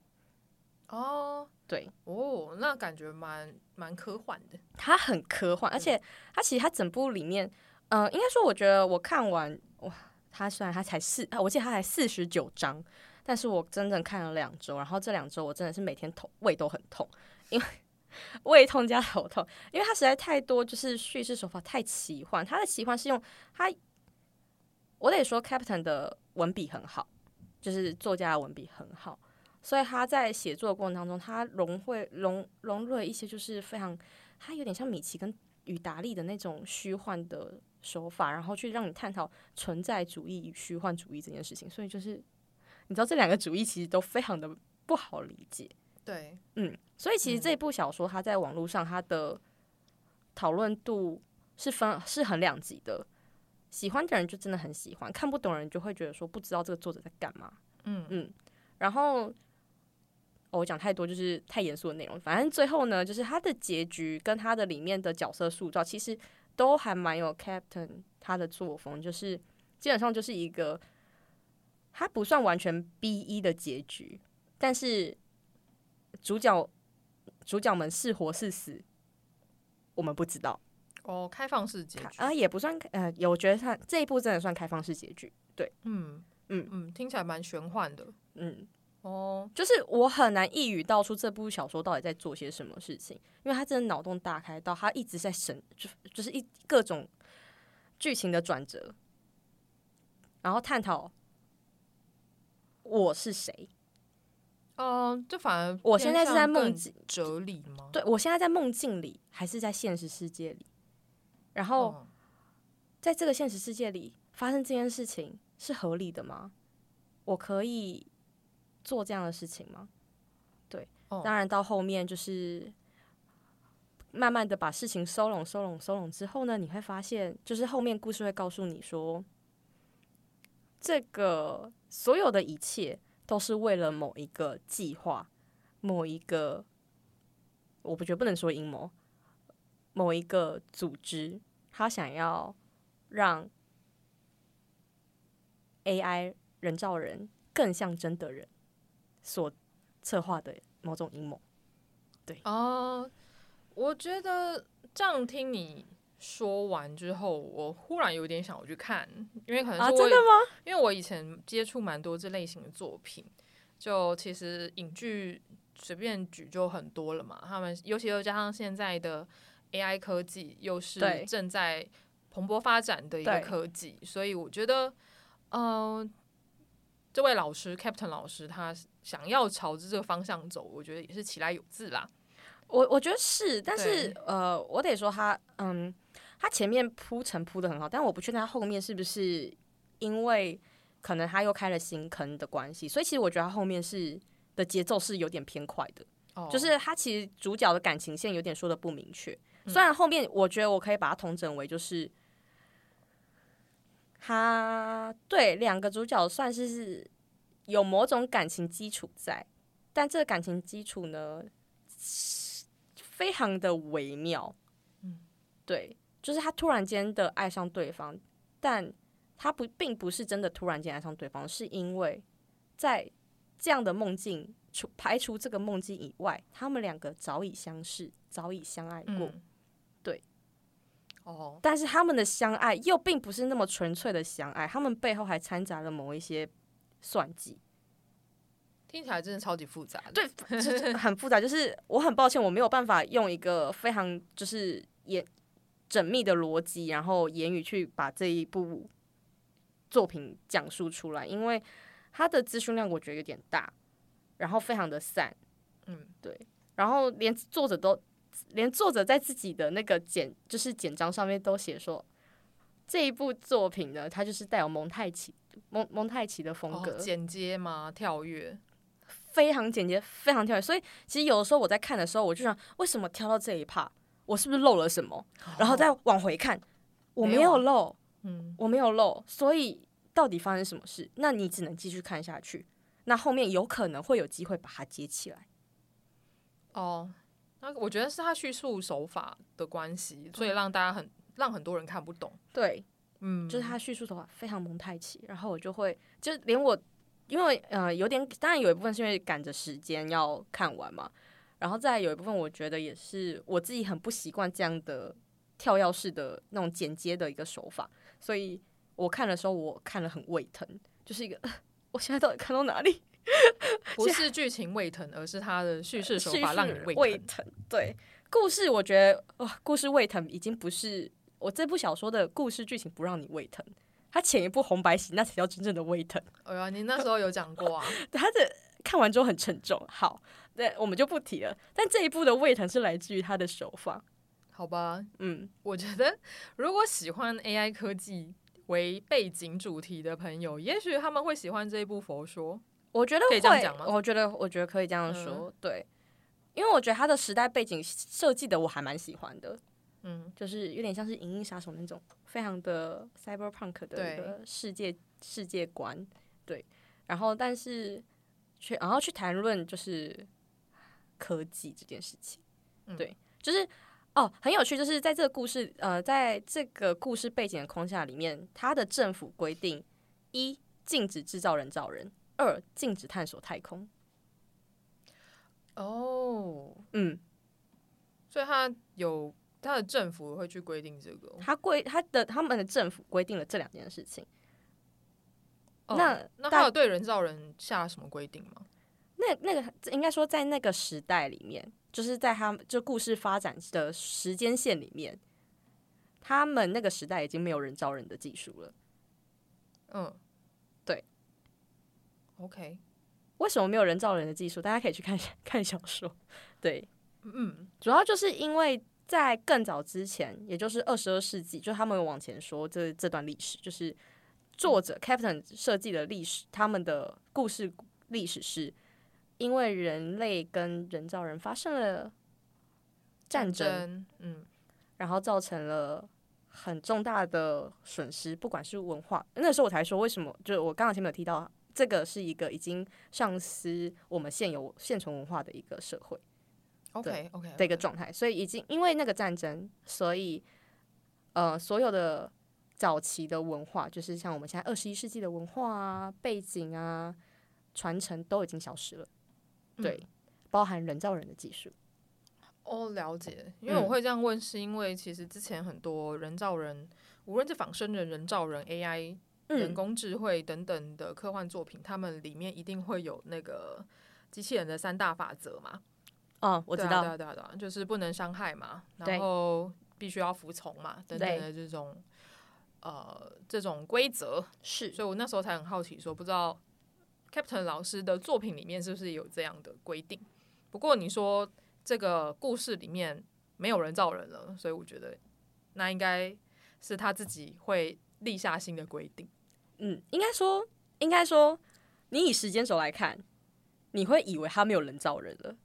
哦，oh, 對，哦、oh，那感覺蠻蠻科幻的。它很科幻，嗯、而且它其實它整部裡面，呃，應該說，我覺得我看完哇，它雖然它才四、啊，我記得它才四十九章，但是我真正看了兩週，然後這兩週我真的是每天頭胃都很痛，因為胃痛加頭痛，因為它實在太多，就是敘事手法太奇幻。它的奇幻是用它，我得說 Captain 的文筆很好，就是作家的文筆很好。所以他在寫作的過程當中，他融會融融入了一些就是非常，他有點像米奇跟與達利的那種虛幻的手法，然後去讓你探討存在主義與虛幻主義這件事情。所以就是，你知道這兩個主義其實都非常的不好理解。對，嗯，所以其實這部小說它在網絡上它的討論度是分是很兩極的，喜歡的人就真的很喜歡，看不懂人就會覺得說不知道這個作者在幹嘛。嗯嗯，然後。我講太多就是太嚴肅的內容，反正最後呢，就是他的結局跟他的裡面的角色塑造，其實都還蠻有 Captain 他的作風，就是基本上就是一個，他不算完全 BE 的結局，但是主角主角們是活是死，我們不知道。哦，開放式結局啊、呃，也不算呃，我覺得他這一部真的算開放式結局，對，嗯嗯嗯，聽起來蠻玄幻的，嗯。哦，就是我很難一語道出這部小說到底在做些什麼事情，因為他真的腦洞大開，到他一直在神，就就是一各種劇情的轉折，然後探討我是誰。哦、呃，就反而我現在是在夢境哲理嗎？對，我現在在夢境裡，還是在現實世界裡？然後在這個現實世界裡發生這件事情是合理的嗎？我可以。做這樣的事情嗎？對，oh. 當然到後面就是慢慢的把事情收攏、收攏、收攏之後呢，你會發現，就是後面故事會告訴你說，這個所有的一切都是為了某一個計劃，某一個我不覺得不能說陰謀，某一個組織他想要讓 AI 人造人更像真的人。所策劃的某種陰謀，對哦、呃，我覺得這樣聽你說完之後，我忽然有點想我去看，因為可能是、啊、真的嗎？因為我以前接觸蠻多這類型的作品，就其實影劇隨便舉就很多了嘛。他們尤其又加上現在的 AI 科技，又是正在蓬勃發展的一個科技，對所以我覺得，嗯、呃，這位老師 Captain 老師他。想要朝着這個方向走，我覺得也是其來有自啦。我我覺得是，但是對呃，我得說他，嗯，他前面鋪陳鋪的很好，但我不確定他後面是不是因為可能他又開了新坑的關係，所以其實我覺得他後面是的節奏是有點偏快的，Oh. 就是他其實主角的感情線有點說的不明確，雖然後面我覺得我可以把它統整為就是，嗯、他對兩個主角算是是。有某種感情基礎在，但這個感情基礎呢，非常的微妙。嗯，對，就是他突然間的愛上對方，但他不並不是真的突然間愛上對方，是因為在這樣的夢境除排除這個夢境以外，他們兩個早已相識，早已相愛過。嗯，對，哦，但是他們的相愛又並不是那麼純粹的相愛，他們背後還摻雜了某一些。算計，聽起來真的超級複雜。對，就是、很複雜。就是我很抱歉，我沒有辦法用一個非常就是嚴縝密的邏輯，然後言語去把這一部作品講述出來，因為它的資訊量我覺得有點大，然後非常的散。嗯，對。然後連作者都，連作者在自己的那個簡，就是簡章上面都寫說，這一部作品呢，它就是帶有蒙太奇。蒙蒙太奇的風格，簡潔嗎？跳躍，非常簡潔，非常跳躍。所以其實有的時候我在看的時候，我就想，為什麼跳到這一趴，我是不是漏了什麼？哦、然後再往回看，我沒有漏、啊，嗯，我沒有漏、嗯。我沒有漏，所以到底發生什麼事？那你只能繼續看下去。那後面有可能會有機會把它接起來。哦，那個、我覺得是他敘述手法的關係，嗯、所以讓大家很讓很多人看不懂。對。嗯，就是他敘述的話非常蒙太奇，然後我就會，就連我，因為呃有點，當然有一部分是因為趕着時間要看完嘛，然後再有一部分我覺得也是我自己很不習慣這樣的跳躍式的那種剪接的一個手法，所以我看的時候我看了很胃疼，就是一個我現在到底看到哪裡？不是劇情胃疼，而是他的敘事手法讓你胃疼、嗯。對，故事我覺得哇、哦，故事胃疼已經不是。我這部小說的故事劇情不讓你胃疼，他前一部紅白喜那才叫真正的胃疼。哎呀，你那時候有講過啊？他 的看完之後很沉重。好，對，我們就不提了。但這一部的胃疼是來自於他的手法。好吧，嗯，我覺得如果喜歡 AI 科技為背景主題的朋友，也許他們會喜歡這一部《佛說》。我覺得可以這樣講嗎？我覺得，我覺得可以這樣說。嗯、對，因為我覺得他的時代背景設計的我還蠻喜歡的。嗯，就是有點像是《銀翼殺手》那種非常的 cyberpunk 的一個世界對世界觀，對。然後，但是去然後去談論就是科技這件事情，嗯、對，就是哦，很有趣，就是在這個故事呃，在這個故事背景的框架裡面，他的政府規定一禁止制造人造人，二禁止探索太空。哦，嗯，所以他有。他的政府會去規定這個、哦他，他規他的他們的政府規定了這兩件事情。哦、那那他有對人造人下了什麼規定嗎？那那個應該說在那個時代裡面，就是在他們這故事發展的時間線裡面，他們那個時代已經沒有人造人的技術了。嗯，對。OK，為什麼沒有人造人的技術？大家可以去看一下看小說。對，嗯，主要就是因為。在更早之前，也就是二十二世紀，就他們往前說這這段歷史，就是作者 Captain 設計的歷史，他們的故事歷史是因為人類跟人造人發生了戰爭，戰爭，嗯，然後造成了很重大的損失，不管是文化，那時候我才說為什麼，就我剛剛前面有提到，這個是一個已經喪失我們現有現存文化的一個社會。的 OK OK，, okay. 的一個狀態，所以已經因為那個戰爭，所以呃，所有的早期的文化，就是像我們現在二十一世紀的文化啊、背景啊、傳承都已經消失了。嗯、對，包含人造人的技術。哦，了解。因為我會這樣問，是因為其實之前很多人造人，嗯、無論是仿生人、人造人、AI、人工智慧等等的科幻作品，嗯、他們裡面一定會有那個機器人的三大法則嘛。嗯、哦，我知道，對啊、對啊、對啊、對啊，就是不能傷害嘛，對然後必須要服從嘛，等等的這種，對呃，這種規則是。所以我那時候才很好奇，說不知道 Captain 老師的作品裡面是不是有這樣的規定？不過你說這個故事裡面沒有人造人了，所以我覺得那應該是他自己會立下新的規定。嗯，應該說，應該說，你以時間軸來看，你會以為他沒有人造人了。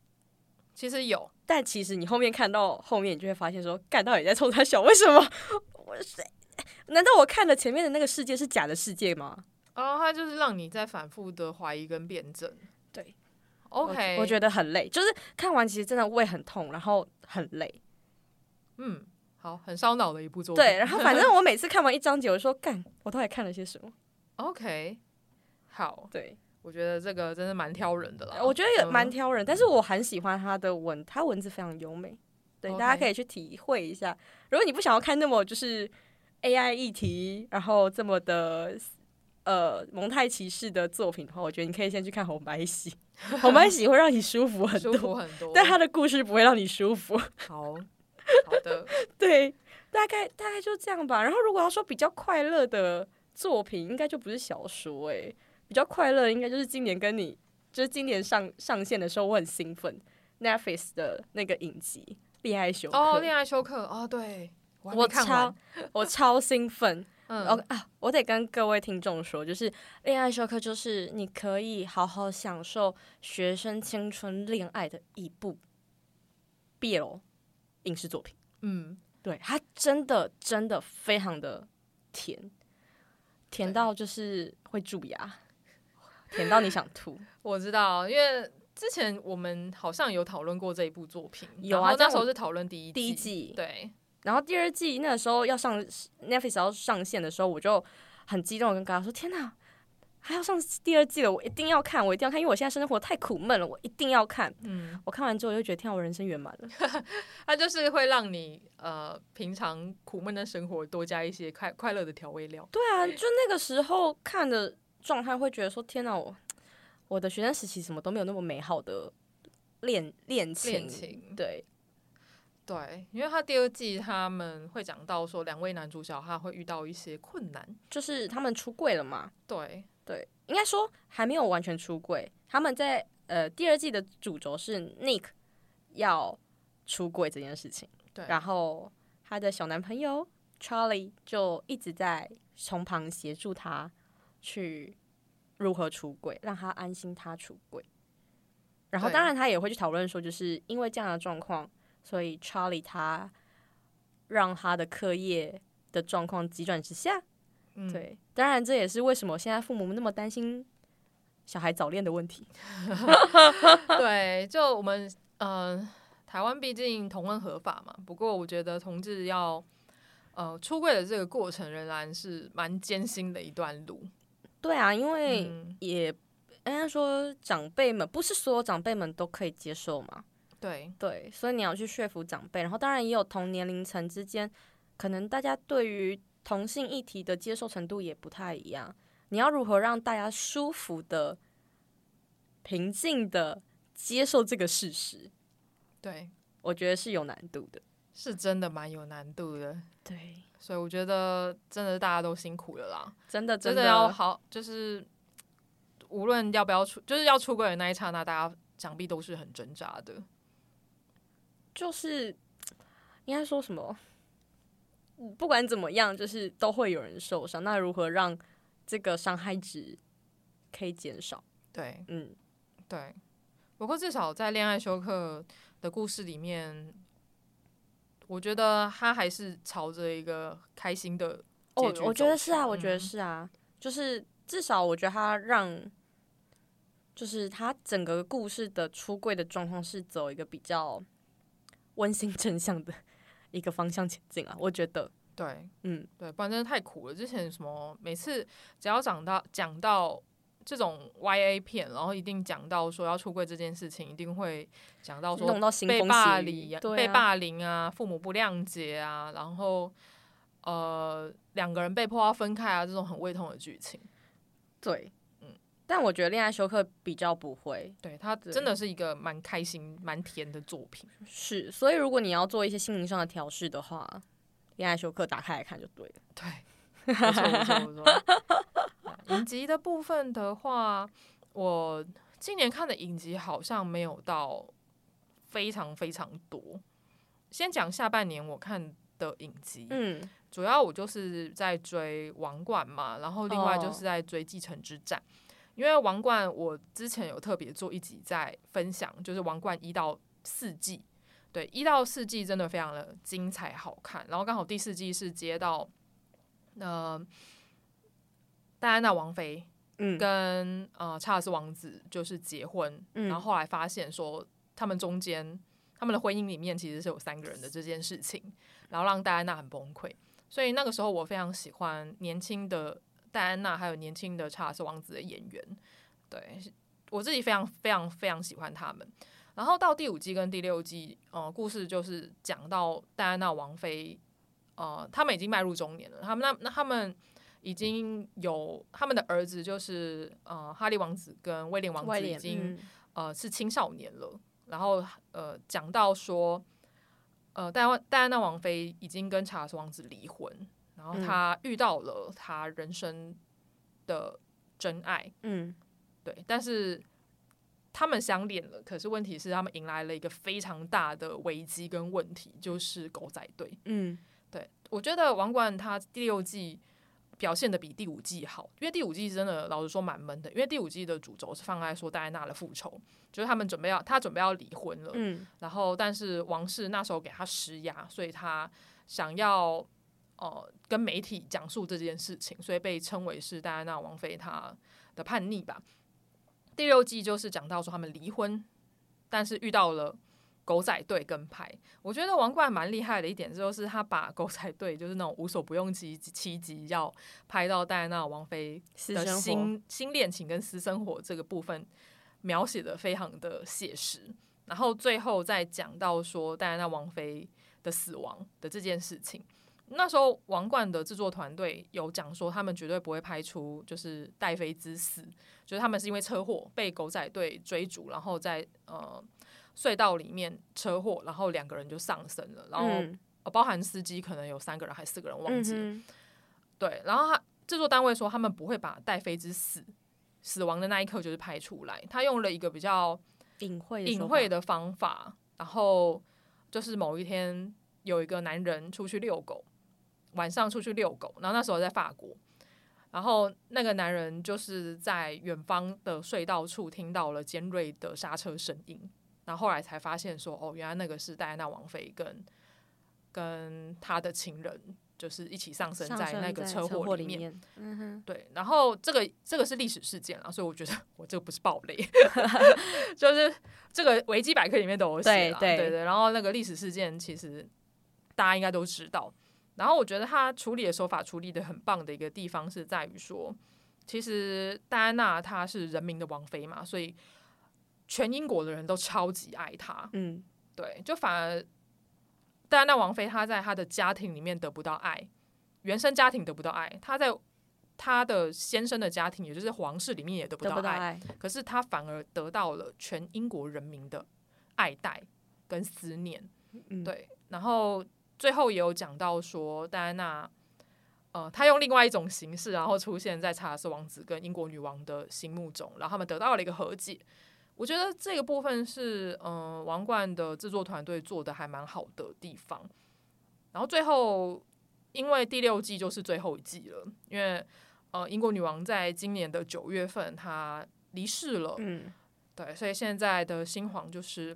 其實有，但其實你後面看到後面，你就會發現說，幹，到底在衝他小？為什麼？我是難道我看了前面的那個世界是假的世界嗎？哦，他就是讓你在反覆的懷疑跟辯證。對，OK，我，我覺得很累，就是看完其實真的胃很痛，然後很累。嗯，好，很燒腦的一部作品。對，然後反正我每次看完一章節，我說幹，我都還看了些什麼？OK，好，對。我覺得這個真的蠻挑人的啦，我覺得也蠻挑人，嗯、但是我很喜歡他的文，他文字非常優美，對，Okay. 大家可以去體會一下。如果你不想要看那麼就是 AI 議題，然後這麼的呃蒙太奇式的作品的話，我覺得你可以先去看《紅白喜》，《 紅白喜》會讓你舒服很多 舒服很多，但他的故事不會讓你舒服。好，好的， 對，大概大概就這樣吧。然後如果要說比較快樂的作品，應該就不是小說哎、欸。比較快樂，應該就是今年跟你，就是今年上上線的時候，我很興奮。Netflix 的那個影集《戀愛修課》哦，《戀愛修課》啊，對，我，看我超我超興奮。 嗯，Okay, 啊，我得跟各位聽眾說，就是《戀愛修課》就是你可以好好享受學生青春戀愛的一部 BL 影視作品。嗯，對，它真的真的非常的甜，甜到就是會蛀牙。甜到你想吐， 我知道，因為之前我們好像有討論過這一部作品，有啊，那時候是討論第一第一季，對，然後第二季那個時候要上 Netflix 要上線的時候，我就很激動，跟他說：“天哪，還要上第二季了，我一定要看，我一定要看，因為我現在生活太苦悶了，我一定要看。”嗯，我看完之後我就覺得天啊，我人生圓滿了。它 就是會讓你呃平常苦悶的生活多加一些快快樂的調味料。對啊，就那個時候看的。狀態會覺得說：“天吶、啊，我我的學生時期什麼都沒有那麼美好的戀戀情，戀情，對對，因為他第二季他們會講到說兩位男主角他會遇到一些困難，就是他們出櫃了嘛？對對，應該說還沒有完全出櫃。他們在呃第二季的主軸是 Nick 要出櫃這件事情，對，然後他的小男朋友 Charlie 就一直在從旁協助他。”去如何出櫃，讓他安心，他出櫃。然後，當然他也會去討論說，就是因為這樣的狀況，所以 Charlie 他讓他的課業的狀況急轉直下。嗯，對，當然這也是為什麼現在父母那麼擔心小孩早戀的問題。 對，就我們呃，台灣畢竟同婚合法嘛，不過我覺得同志要呃出櫃的這個過程仍然是蠻艱辛的一段路。對啊，因為也人家、嗯、說長輩們不是所有長輩們都可以接受嘛，對對，所以你要去說服長輩，然後當然也有同年齡層之間，可能大家對於同性議題的接受程度也不太一樣，你要如何讓大家舒服的、平靜的接受這個事實？對，我覺得是有難度的，是真的蠻有難度的，對。所以我覺得，真的大家都辛苦了啦，真的真的，真的要好，就是無論要不要出，就是要出軌的那一剎那，大家想必都是很掙扎的。就是應該說什麼？不管怎麼樣，就是都會有人受傷。那如何讓這個傷害值可以減少？對，嗯，對。不過至少在戀愛休克的故事裡面。我覺得他還是朝着一個開心的結局，我、哦、我覺得是啊，我覺得是啊，嗯、就是至少我覺得他讓，就是他整個故事的出櫃的狀況是走一個比較溫馨正向的一個方向前進啊，我覺得，對，嗯，對，不然真的太苦了。之前什麼，每次只要講到講到。這種 Y A 片，然後一定講到說要出櫃這件事情，一定會講到說被霸凌、啊、被霸凌啊，啊父母不諒解啊，然後呃兩個人被迫要分開啊，這種很胃痛的劇情。對，嗯，但我覺得戀愛修課比較不會，對它真的是一個蠻開心、蠻甜的作品。是，所以如果你要做一些心靈上的調試的話，戀愛修課打開來看就對了。對。哈哈哈哈哈！影集的部分的話，我今年看的影集好像沒有到非常非常多。先講下半年我看的影集，嗯，主要我就是在追《王冠》嘛，然後另外就是在追《繼承之戰》哦。因為《王冠》我之前有特別做一集在分享，就是《王冠》一到四季，對，一到四季真的非常的精彩好看。然後剛好第四季是接到。呃，戴安娜王妃跟、嗯、呃查爾斯王子就是結婚，嗯、然後後來發現說他們中間他們的婚姻裡面其實是有三個人的這件事情，然後讓戴安娜很崩潰。所以那個時候我非常喜歡年輕的戴安娜，還有年輕的查爾斯王子的演員，對，我自己非常非常非常喜歡他們。然後到第五季跟第六季，呃，故事就是講到戴安娜王妃。哦、呃，他們已經邁入中年了。他們那那他們已經有他們的兒子，就是呃，哈利王子跟威廉王子已經、嗯、呃是青少年了。然後呃，講到說呃，戴戴安娜王妃已經跟查爾斯王子離婚，然後他遇到了他人生的真愛，嗯，對。但是他們相戀了，可是問題是他們迎來了一個非常大的危機跟問題，就是狗仔隊，嗯。我覺得《王冠》他第六季表現的比第五季好，因為第五季真的老實說蠻悶的。因為第五季的主軸是放在說戴安娜的復仇，就是他們準備要他準備要離婚了，嗯，然後但是王室那時候給他施壓，所以他想要呃跟媒體講述這件事情，所以被稱為是戴安娜王妃她的叛逆吧。第六季就是講到說他們離婚，但是遇到了。狗仔隊跟拍，我覺得《王冠》蠻厲害的一點就是，他把狗仔隊就是那種無所不用其其極，要拍到戴安娜王妃的新生活新戀情跟私生活這個部分描寫的非常的寫實，然後最後再講到說戴安娜王妃的死亡的這件事情。那時候《王冠》的制作團隊有講說，他們絕對不會拍出就是戴妃之死，就是他們是因為車禍被狗仔隊追逐，然後再呃。隧道裡面車禍，然後兩個人就喪生了，然後、嗯、包含司機可能有三個人還是四個人忘記。嗯、哼對，然後他製作單位說他們不會把戴妃之死死亡的那一刻就是拍出來，他用了一個比較隱晦隱晦的方法。法然後就是某一天有一個男人出去遛狗，晚上出去遛狗，然後那時候在法國，然後那個男人就是在遠方的隧道處聽到了尖銳的剎車聲音。然後後來才發現說，哦，原來那個是戴安娜王妃跟跟他的情人，就是一起喪生在那個車禍裡面。裡面嗯哼，對。然後這個這個是歷史事件啊。所以我覺得我這個不是爆雷 就是這個維基百科裡面都有寫啦。對對，對對。然後那個歷史事件其實大家應該都知道。然後我覺得他處理的手法處理的很棒的一個地方是在於說，其實戴安娜她是人民的王妃嘛，所以。全英國的人都超級愛他，嗯，對，就反而戴安娜王妃她在她的家庭裡面得不到愛，原生家庭得不到愛，她在她的先生的家庭，也就是皇室裡面也得不到愛，得不到愛，可是她反而得到了全英國人民的愛戴跟思念，嗯，對，然後最後也有講到說戴安娜，呃，她用另外一種形式，然後出現在查爾斯王子跟英國女王的心目中，然後他們得到了一個和解。我覺得這個部分是，嗯、呃，王冠的製作團隊做的還蠻好的地方。然後最後，因為第六季就是最後一季了，因為，呃，英國女王在今年的九月份她離世了，嗯，對，所以現在的新皇就是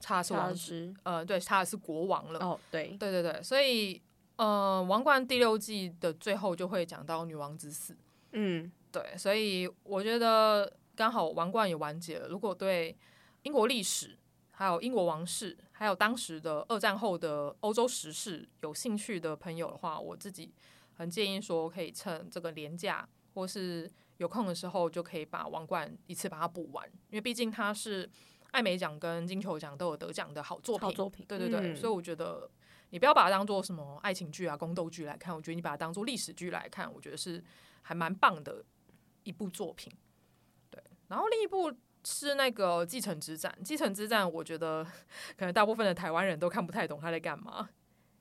查爾斯，查爾斯，呃，對，查爾斯國王了，哦，對，對對對，所以，呃，王冠第六季的最後就會講到女王之死，嗯，對，所以我覺得。剛好王冠也完結了。如果對英國歷史，還有英國王室、還有當時的二戰後的歐洲時事有興趣的朋友的話，我自己很建議說，可以趁這個年假或是有空的時候，就可以把王冠一次把它補完。因為畢竟它是艾美獎跟金球獎都有得獎的好作品。作品對對對，嗯。所以我覺得你不要把它當做什麼愛情劇啊、宮鬥劇來看，我覺得你把它當做歷史劇來看，我覺得是還蠻棒的一部作品。然後另一部是那個《繼承之戰》，《繼承之戰》我覺得可能大部分的台灣人都看不太懂他在幹嘛，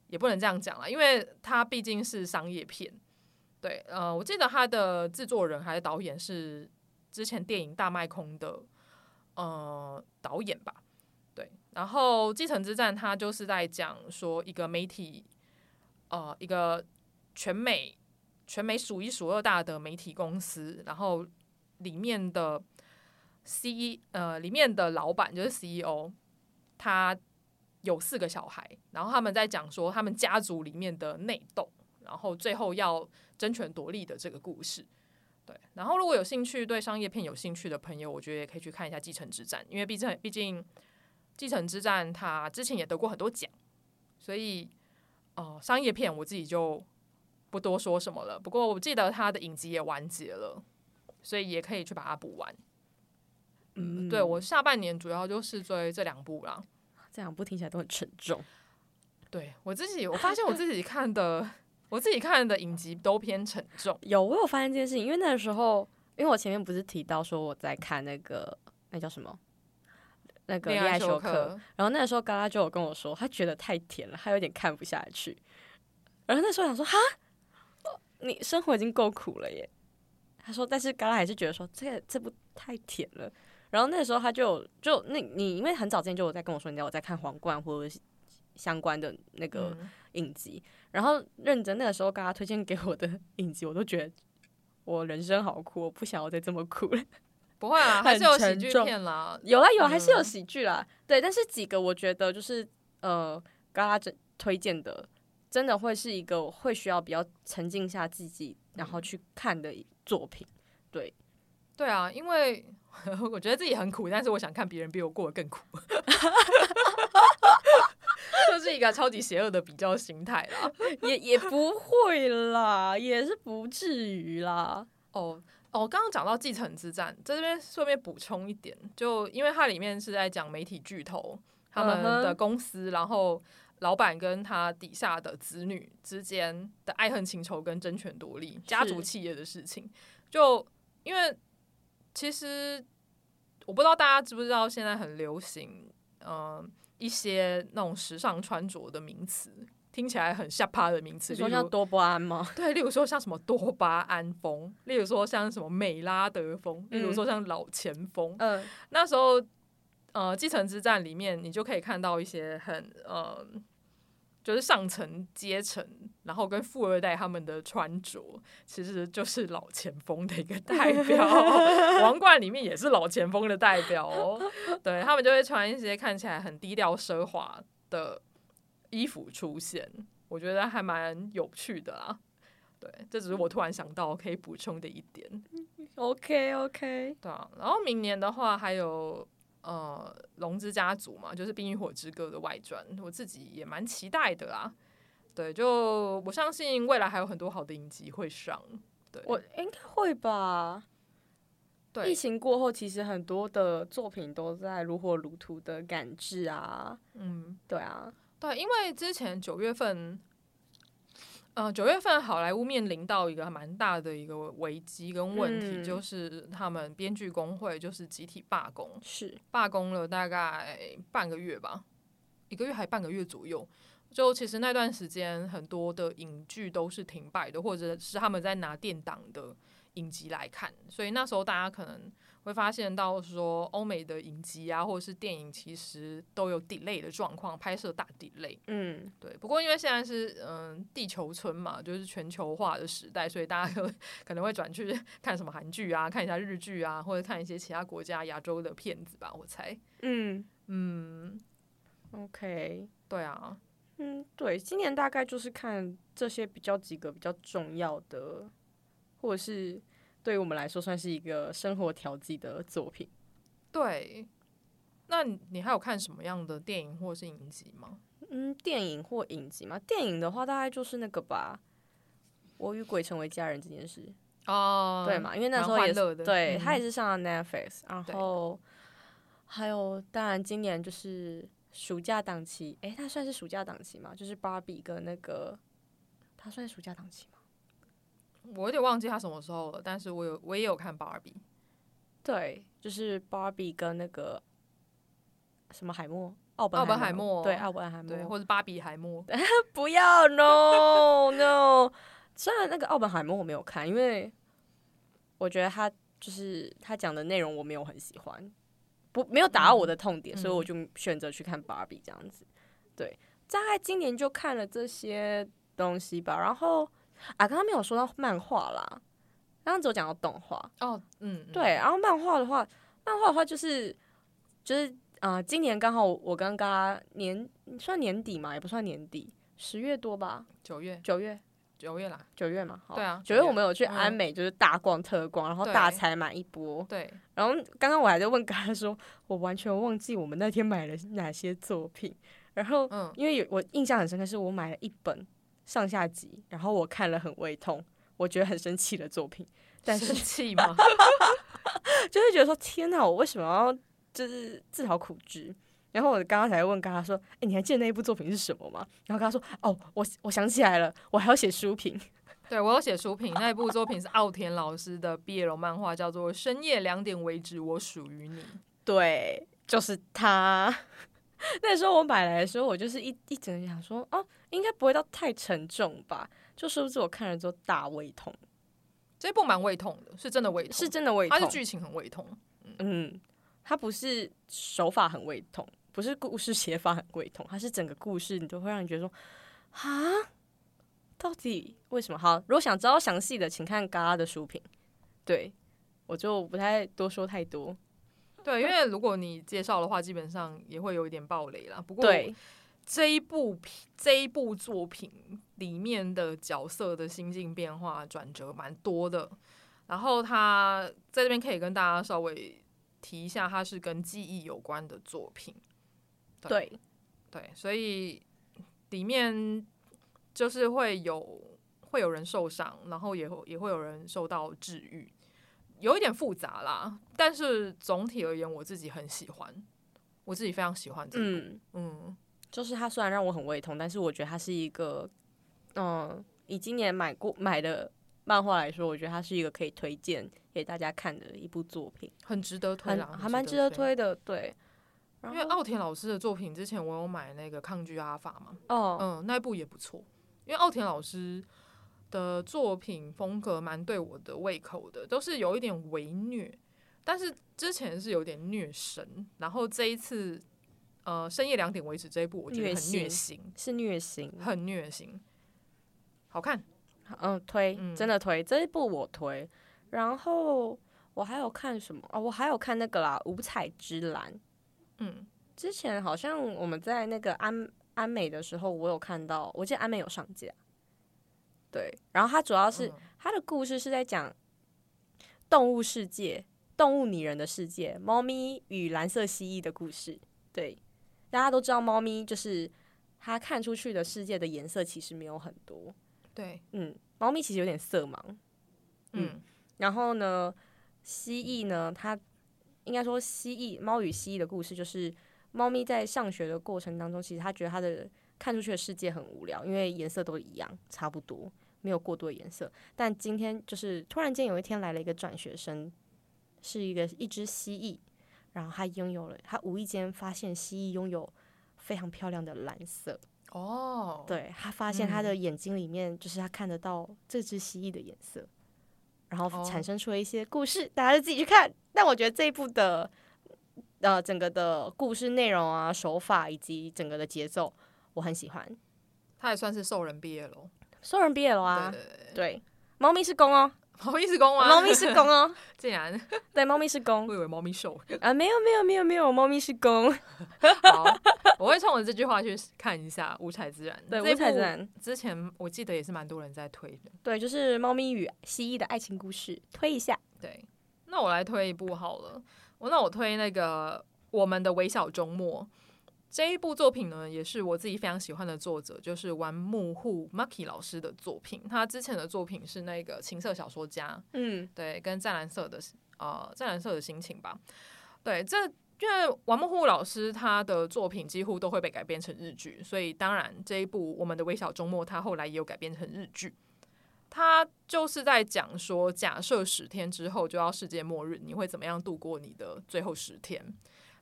也不能這樣講啦，因為他畢竟是商業片。對，呃，我記得他的制作人還是導演是之前電影大賣空的呃導演吧。對，然後《繼承之戰》他就是在講說一個媒體，呃，一個全美全美數一數二大的媒體公司，然後裡面的。C E 呃，裡面的老闆就是 C E O，他有四個小孩，然後他們在講說他們家族裡面的內鬥，然後最後要爭權奪利的這個故事。對，然後如果有興趣對商業片有興趣的朋友，我覺得也可以去看一下《繼承之戰》，因為畢竟畢竟《繼承之戰》他之前也得過很多獎，所以呃，商業片我自己就不多說什麼了。不過我記得他的影集也完結了，所以也可以去把它補完。嗯，對，我下半年主要就是追這兩部啦。這兩部聽起來都很沉重。對，我自己，我發現我自己看的， 我自己看的影集都偏沉重。有，我有發現這件事情，因為那個時候，因為我前面不是提到說我在看那個那叫什麼那個戀愛修課課，然後那時候嘎啦就有跟我說，他覺得太甜了，他有點看不下去。然後那時候想說，哈，哦，你生活已經夠苦了耶。他說，但是嘎啦還是覺得說，這這部太甜了。然後那時候他就就那你因為很早之前就有在跟我說你在我在看皇冠或者，相關的那個影集，嗯、然後認真，那個時候，剛剛推薦給我的影集，我都覺得我人生好苦，我不想要再這麼苦了。不會啊，還是有喜劇片啦，有啊，有，嗯、還是有喜劇啦。對，但是幾個我覺得就是呃，剛剛推推薦的，真的會是一個會需要比較沉浸，下自己、嗯、然後去看的作品。對，對啊，因為。 我覺得自己很苦，但是我想看別人比我過得更苦， 就是一個超級邪惡的比較心態啦，也也不會啦，也是不至於啦。哦哦，剛剛講到繼承之戰，在這邊順便補充一點，就因為它裡面是在講媒體巨頭他們的公司，uh huh. 然後老板跟他底下的子女之間的愛恨情仇跟爭權奪利、是家族企業的事情，就因為。其實我不知道大家知不知道，現在很流行，嗯、呃，一些那種時尚穿着的名詞，聽起來很下趴的名詞，就像多巴胺嗎？對，例如說像什麼多巴胺風，例如說像什麼美拉德風，嗯、例如說像老錢風嗯。嗯，那時候，呃，《繼承之戰》裡面你就可以看到一些很，呃。就是上層階層，然後跟富二代他們的穿着，其實就是老錢風的一個代表。 王冠裡面也是老錢風的代表哦。 對，他們就會穿一些看起來很低調奢華的衣服出現，我覺得還蠻有趣的啦。對，這只是我突然想到可以補充的一點。OK OK，對啊。然後明年的話還有。呃，龍之家族嘛，就是《冰與火之歌》的外傳，我自己也蠻期待的啦。對，就我相信未來還有很多好的影集會上，對我應該會吧。對，疫情過後，其實很多的作品都在如火如荼的趕製啊。嗯，對啊，對，因為之前九月份。呃，九月份好萊塢面臨到一個蠻大的一個危機跟問題，嗯、就是他們編劇工會就是集體罷工，是罷工了大概半個月吧，一個月還半個月左右。就其實那段時間，很多的影劇都是停擺的，或者是他們在拿墊檔的影集來看，所以那時候大家可能。會發現到說歐美的影集啊，或者是電影，其實都有 delay 的狀況，拍攝大 delay。嗯，對。不過因為現在是嗯地球村嘛，就是全球化的時代，所以大家又可能會轉去看什麼韓劇啊，看一下日劇啊，或者看一些其他國家亞洲的片子吧，我猜。嗯嗯，OK，對啊，嗯對，今年大概就是看這些比較幾個比較重要的，或者是。對於我們來說算是一個生活調劑的作品。對，那你還有看什麼樣的電影或是影集嗎？嗯，電影或影集嘛，電影的話大概就是那個吧，《我與鬼成為家人》這件事哦，uh, 對嘛，因為那時候也是對他也是上了 Netflix，、嗯、然後對還有當然今年就是暑假檔期，誒，他算是暑假檔期嘛？就是芭比跟那個，它算是暑假檔期我有點忘記他什麼時候了，但是我有我也有看芭比，對，就是芭比跟那個什麼海默，奧本海默，對，奧本海默，對，或是芭比海默， 不要 no no，雖然那個奧本海默我沒有看，因為我覺得他就是他講的內容我沒有很喜歡，不，沒有打到我的痛點，嗯，所以我就選擇去看芭比這樣子，對，大概今年就看了這些東西吧，然後。啊，剛剛沒有說到漫畫啦，剛剛只有講到動畫哦，嗯，對，然後、啊、漫畫的話，漫畫的話，漫畫的話就是就是啊、呃，今年剛好我剛剛年算年底嘛，也不算年底，十月多吧，九月九月九月啦，九月嘛，對啊，九月我們有去安美，就是大逛特逛，然後大採買一波，對，然後剛剛我還在問剛剛說，我完全忘記我們那天買了哪些作品，然後嗯，因為有我印象很深刻，是我買了一本。上下集，然後我看了很胃痛，我覺得很生氣的作品，但是生氣嗎？ 就是覺得說天哪，我為什麼要就是自討苦吃？然後我剛剛才問他說，誒，你還記得那一部作品是什麼嗎？然後跟他說，哦，我我想起來了，我還要寫書評。對，我要寫書評。那一部作品是奧田老師的 BL 漫畫，叫做《深夜兩點為止，我屬於你》。對，就是他。 那時候我買來的時候，我就是一一整個想說，哦、啊，應該不會到太沉重吧？就是不是我看了之後大胃痛，這部蠻胃痛的，是真的胃痛的，是真的胃痛。它是劇情很胃痛，嗯，它不是手法很胃痛，不是故事寫法很胃痛，它是整個故事你都會讓你覺得說，啊，到底為什麼？好，如果想知道詳細的，請看嘎拉的書評。對，我就不太多說太多。對，因為如果你介紹的話，基本上也會有一點暴雷啦。不過這一部對這一部作品裡面的角色的心境變化轉折蠻多的。然後它在這邊可以跟大家稍微提一下，它是跟記憶有關的作品。對對，對，所以裡面就是會有會有人受傷，然後也會也會有人受到治癒。有一點複雜啦，但是總體而言，我自己很喜歡，我自己非常喜歡這部。嗯，嗯，就是它雖然讓我很胃痛，但是我覺得它是一個，嗯，以今年買過買的漫畫來說，我覺得它是一個可以推薦給大家看的一部作品，很值得推啊，還蠻值得推的。對，因為奧田老師的作品，之前我有買那個《抗拒阿法》嘛，哦，嗯，那一部也不錯。因為奧田老師。的作品風格蠻對我的胃口的，都是有一點微虐，但是之前是有點虐身，然後這一次，呃，深夜兩點為止這一部我覺得很虐心，是虐心，很虐心，好看，嗯，推，真的推，這一部我推，然後我還有看什麼？哦，我還有看那個啦，《五彩之藍》，嗯，之前好像我們在那個安安美的時候，我有看到，我記得安美有上架。對，然後它主要是它、嗯、的故事是在講動物世界、動物擬人的世界，貓咪與藍色蜥蜴的故事。對，大家都知道貓咪就是它看出去的世界的顏色其實沒有很多。對，嗯，貓咪其實有點色盲。嗯，嗯，然後呢，蜥蜴呢，它應該說蜥蜴，貓與蜥蜴的故事就是貓咪在上學的過程當中，其實它覺得它的看出去的世界很無聊，因為顏色都一樣，差不多。沒有過多顏色，但今天就是突然間有一天來了一個轉學生，是一個一隻蜥蜴，然後他擁有了，他無意間發現蜥蜴擁有非常漂亮的藍色哦，Oh. 對，他發現他的眼睛裡面就是他看得到這隻蜥蜴的顏色，然後產生出了一些故事，Oh. 大家就自己去看。但我覺得這一部的呃整個的故事內容啊、手法以及整個的節奏，我很喜歡，他也算是獸人畢業了。獸人畢業了啊！對，貓咪是攻哦、喔。貓咪是攻啊！貓咪是攻哦、喔！ 竟然對，貓咪是攻。我以為貓咪受。 啊，沒有沒有沒有沒有，貓咪是攻。 好，我會從我這句話去看一下《五彩自然》。對，《五彩自然》之前我記得也是蠻多人在推的。對，就是《貓咪與蜥蜴的愛情故事》，推一下。對，那我來推一部好了。我那我推那個《我們的微小周末》。這一部作品呢，也是我自己非常喜歡的作者，就是丸木戶 Maki 老師的作品。他之前的作品是那個情色小說家，嗯，對，跟《湛藍色的》呃，湛藍色的心情》吧，對，這因為丸木戶老師他的作品幾乎都會被改編成日劇，所以當然這一部《我們的微小周末》他後來也有改編成日劇。他就是在講說，假設十天之後就要世界末日，你會怎麼樣度過你的最後十天？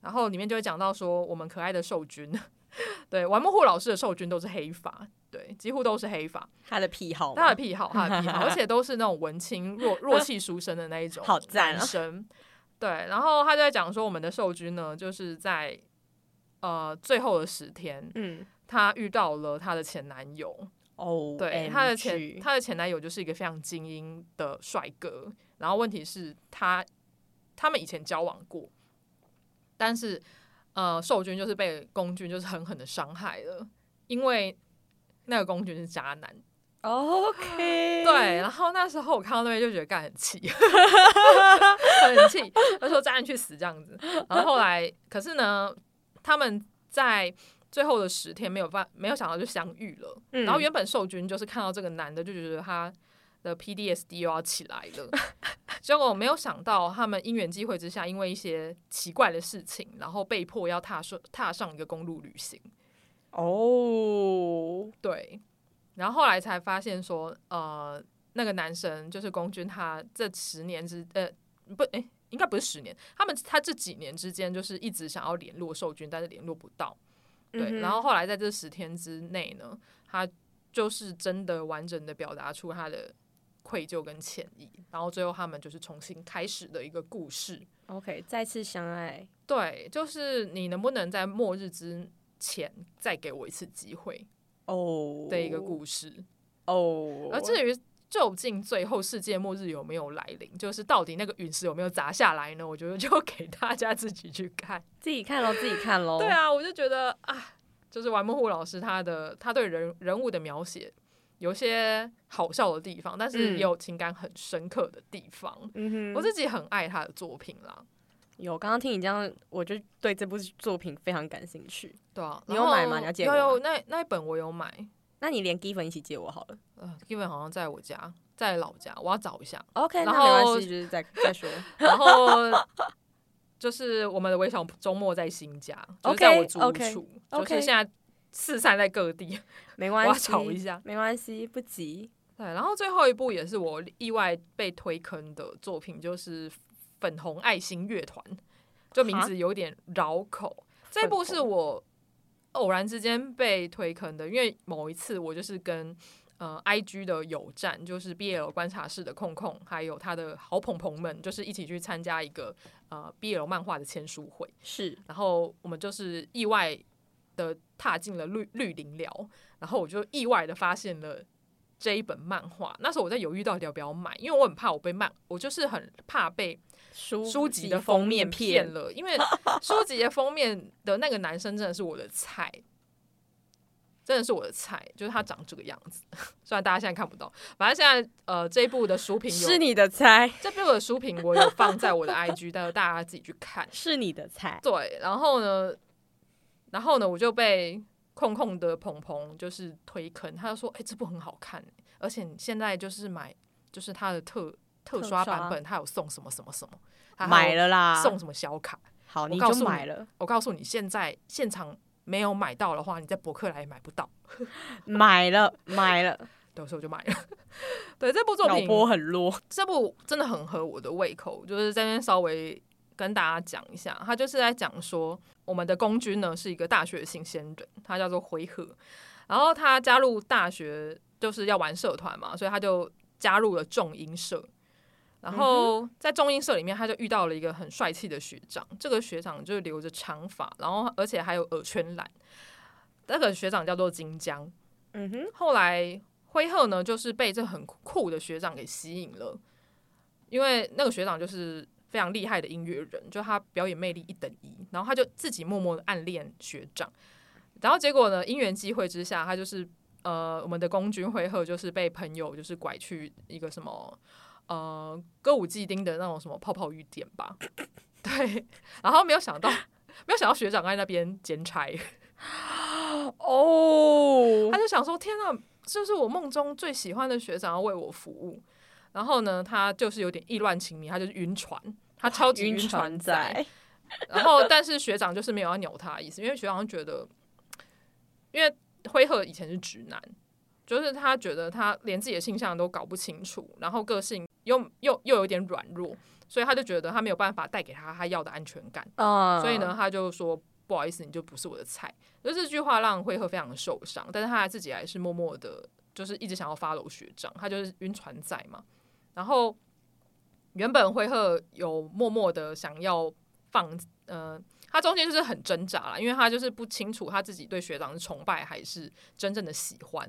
然後裡面就會講到說，我們可愛的受君，對，玩木戶老師的受君都是黑髮，對，幾乎都是黑髮。他的，他的癖好，他的癖好，他的癖好，而且都是那種文青、弱弱氣書生的那一種，好，男生。 好讚啊，對，然後他就在講說，我們的受君呢，就是在呃最後的十天，嗯，他遇到了他的前男友哦，oh, 對，G、他的前他的前男友就是一個非常精英的帥哥，然後問題是他，他他們以前交往過。但是，呃，受君就是被攻君就是狠狠的傷害了，因為那個攻君是渣男。OK，對。然後那時候我看到那邊就覺得幹很氣，很氣。他說渣男去死這樣子。然後後來，可是呢，他們在最後的十天沒有辦，沒有想到就相遇了。嗯、然後原本受君就是看到這個男的就覺得他。的 PDSD 又要起來了，結果 我沒有想到，他們因緣際會之下，因為一些奇怪的事情，然後被迫要踏上踏上一個公路旅行。哦，對，然後後來才發現說，呃，那個男生就是公軍，他這十年之呃不哎、欸，應該不是十年，他們他這幾年之間就是一直想要聯絡受軍，但是聯絡不到。對，嗯、哼然後後來在這十天之內呢，他就是真的完整的表達出他的。愧疚跟歉意，然後最後他們就是重新開始的一個故事。OK，再次相愛。對，就是你能不能在末日之前再給我一次機會？哦，oh, 的一個故事。哦，oh. 而至於究竟最後世界末日有沒有來臨，就是到底那個隕石有沒有砸下來呢？我覺得就給大家自己去看，自己看咯，自己看嘍。 對啊，我就覺得啊，就是王木戶老師他的他對人人物的描寫。有些好笑的地方，但是也有情感很深刻的地方。嗯、我自己很愛他的作品啦。有，剛剛聽你這樣，我就對這部作品非常感興趣。對啊，你有買嗎？你要借我嗎？有有，那，那一本我有買。那你連 Given 一起借我好了。Uh, Given 好像在我家，在老家，我要找一下。OK，然後、那沒關係、就是、再再說。 然後就是我們的微小週末在新家，就是、在我租屋處，OK，, okay, okay. 就現在。四散在各地。沒關係，一下，沒關係，不急。對，然後最後一部也是我意外被推坑的作品，就是《粉紅愛心樂團》，就名字有點繞口。哈這部是我偶然之間被推坑的，因為某一次我就是跟呃 I G 的友站，就是 B L 觀察室的控控，還有他的好捧捧們，就是一起去參加一個呃 B L 漫畫的簽書會，是，然後我們就是意外的。踏進了綠綠林寮，然後我就意外的發現了這一本漫畫。那時候我在猶豫到底要不要買，因為我很怕我被賣，我就是很怕被書籍的封面騙了。因為書籍的封面的那個男生真的是我的菜，真的是我的菜，就是他長這個樣子。雖然大家現在看不到，反正現在呃這一部的書評是你的菜。這部的書評我有放在我的 IG，但是大家自己去看是你的菜。對，然後呢？然後呢，我就被控控的捧捧，就是推坑。他就說：“哎、欸，這部很好看、欸，而且你現在就是買，就是它的特特刷版本，刷它有送什麼什麼什麼。”買了啦，送什麼小卡？好，你我告訴你，我告訴你，現在現場沒有買到的話，你在博客來也買不到。買了，買了， 對，所以我就買了。 對，這部作品老婆很弱，這部真的很合我的胃口，就是在那稍微。跟大家講一下，他就是在講說，我們的攻君呢，是一個大學新鮮人，他叫做灰鶴，然後他加入大學就是要玩社團嘛，所以他就加入了重音社，然後在重音社裡面他就遇到了一個很帥氣的學長，這個學長就留着長髮，然後而且還有耳圈染。那個學長叫做金江，嗯哼，後來灰鶴呢就是被這很酷的學長給吸引了，因為那個學長就是。非常厲害的音樂人，就他表演魅力一等一，然後他就自己默默地暗戀學長，然後結果呢，因緣際會之下，他就是呃，我們的宮軍會和就是被朋友就是拐去一個什麼呃歌舞伎町的那種什麼泡泡浴店吧，對，然後沒有想到， 沒有想到學長在那邊兼差，哦、 oh，他就想說天哪，這是我夢中最喜歡的學長要為我服務，然後呢，他就是有點意亂情迷，他就是暈船。他超級暈船仔， 然後但是學長就是沒有要鳥他的意思，因為學長覺得，因為灰鶴以前是直男，就是他覺得他連自己的性向都搞不清楚，然後個性又又又有點軟弱，所以他就覺得他沒有辦法帶給他他要的安全感、oh. 所以呢，他就說不好意思，你就不是我的菜。就是，這句話讓灰鶴非常的受傷，但是他自己還是默默的，就是一直想要 follow 學長，他就是暈船仔嘛，然後。原本灰鶴有默默的想要放，呃，他中間就是很掙扎啦，因為他就是不清楚他自己對學長的崇拜還是真正的喜歡。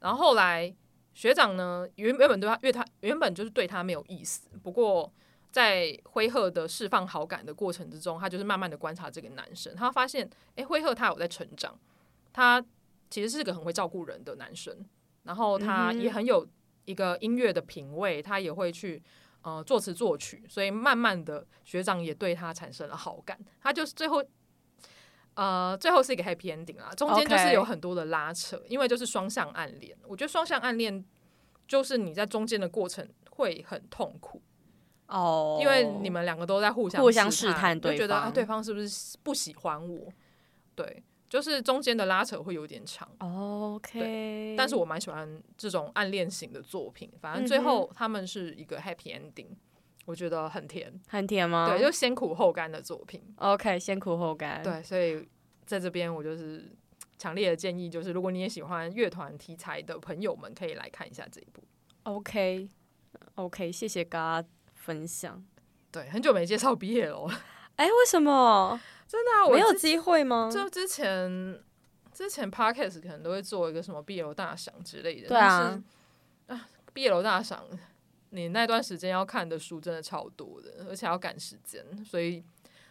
然後後來學長呢，原本對他，因為他原本就是對他沒有意思。不過在灰鶴的釋放好感的過程之中，他就是慢慢的觀察這個男生，他發現，誒，灰鶴他有在成長，他其實是個很會照顧人的男生，然後他也很有一個音樂的品味，嗯哼，他也會去。呃，作詞作曲，所以慢慢的學長也對他產生了好感，他就是最後，呃，最後是一個 happy ending 啊，中間就是有很多的拉扯，Okay. 因為就是雙向暗戀，我覺得雙向暗戀就是你在中間的過程會很痛苦哦，oh, 因為你們兩個都在互相互相試探對，就覺得、啊、對方是不是不喜歡我，對。就是中間的拉扯會有點長，OK。對，但是我蠻喜歡這種暗戀型的作品，反正最後他們是一個 Happy Ending，、嗯、哼我覺得很甜，很甜嗎？對，就先苦後甘的作品，OK，先苦後甘。對，所以在這邊我就是強烈的建議，就是如果你也喜歡樂團題材的朋友們，可以來看一下這一部。OK，OK，okay. Okay, 謝謝大家分享。對，很久沒介紹 BL 了，哎、欸，為什麼？真的啊，我沒有機會嗎？就之前之前 Podcast 可能都會做一個什麼 BL 大賞之類的，對啊，但是啊！BL 大賞你那段時間要看的書真的超多的，而且要趕時間，所以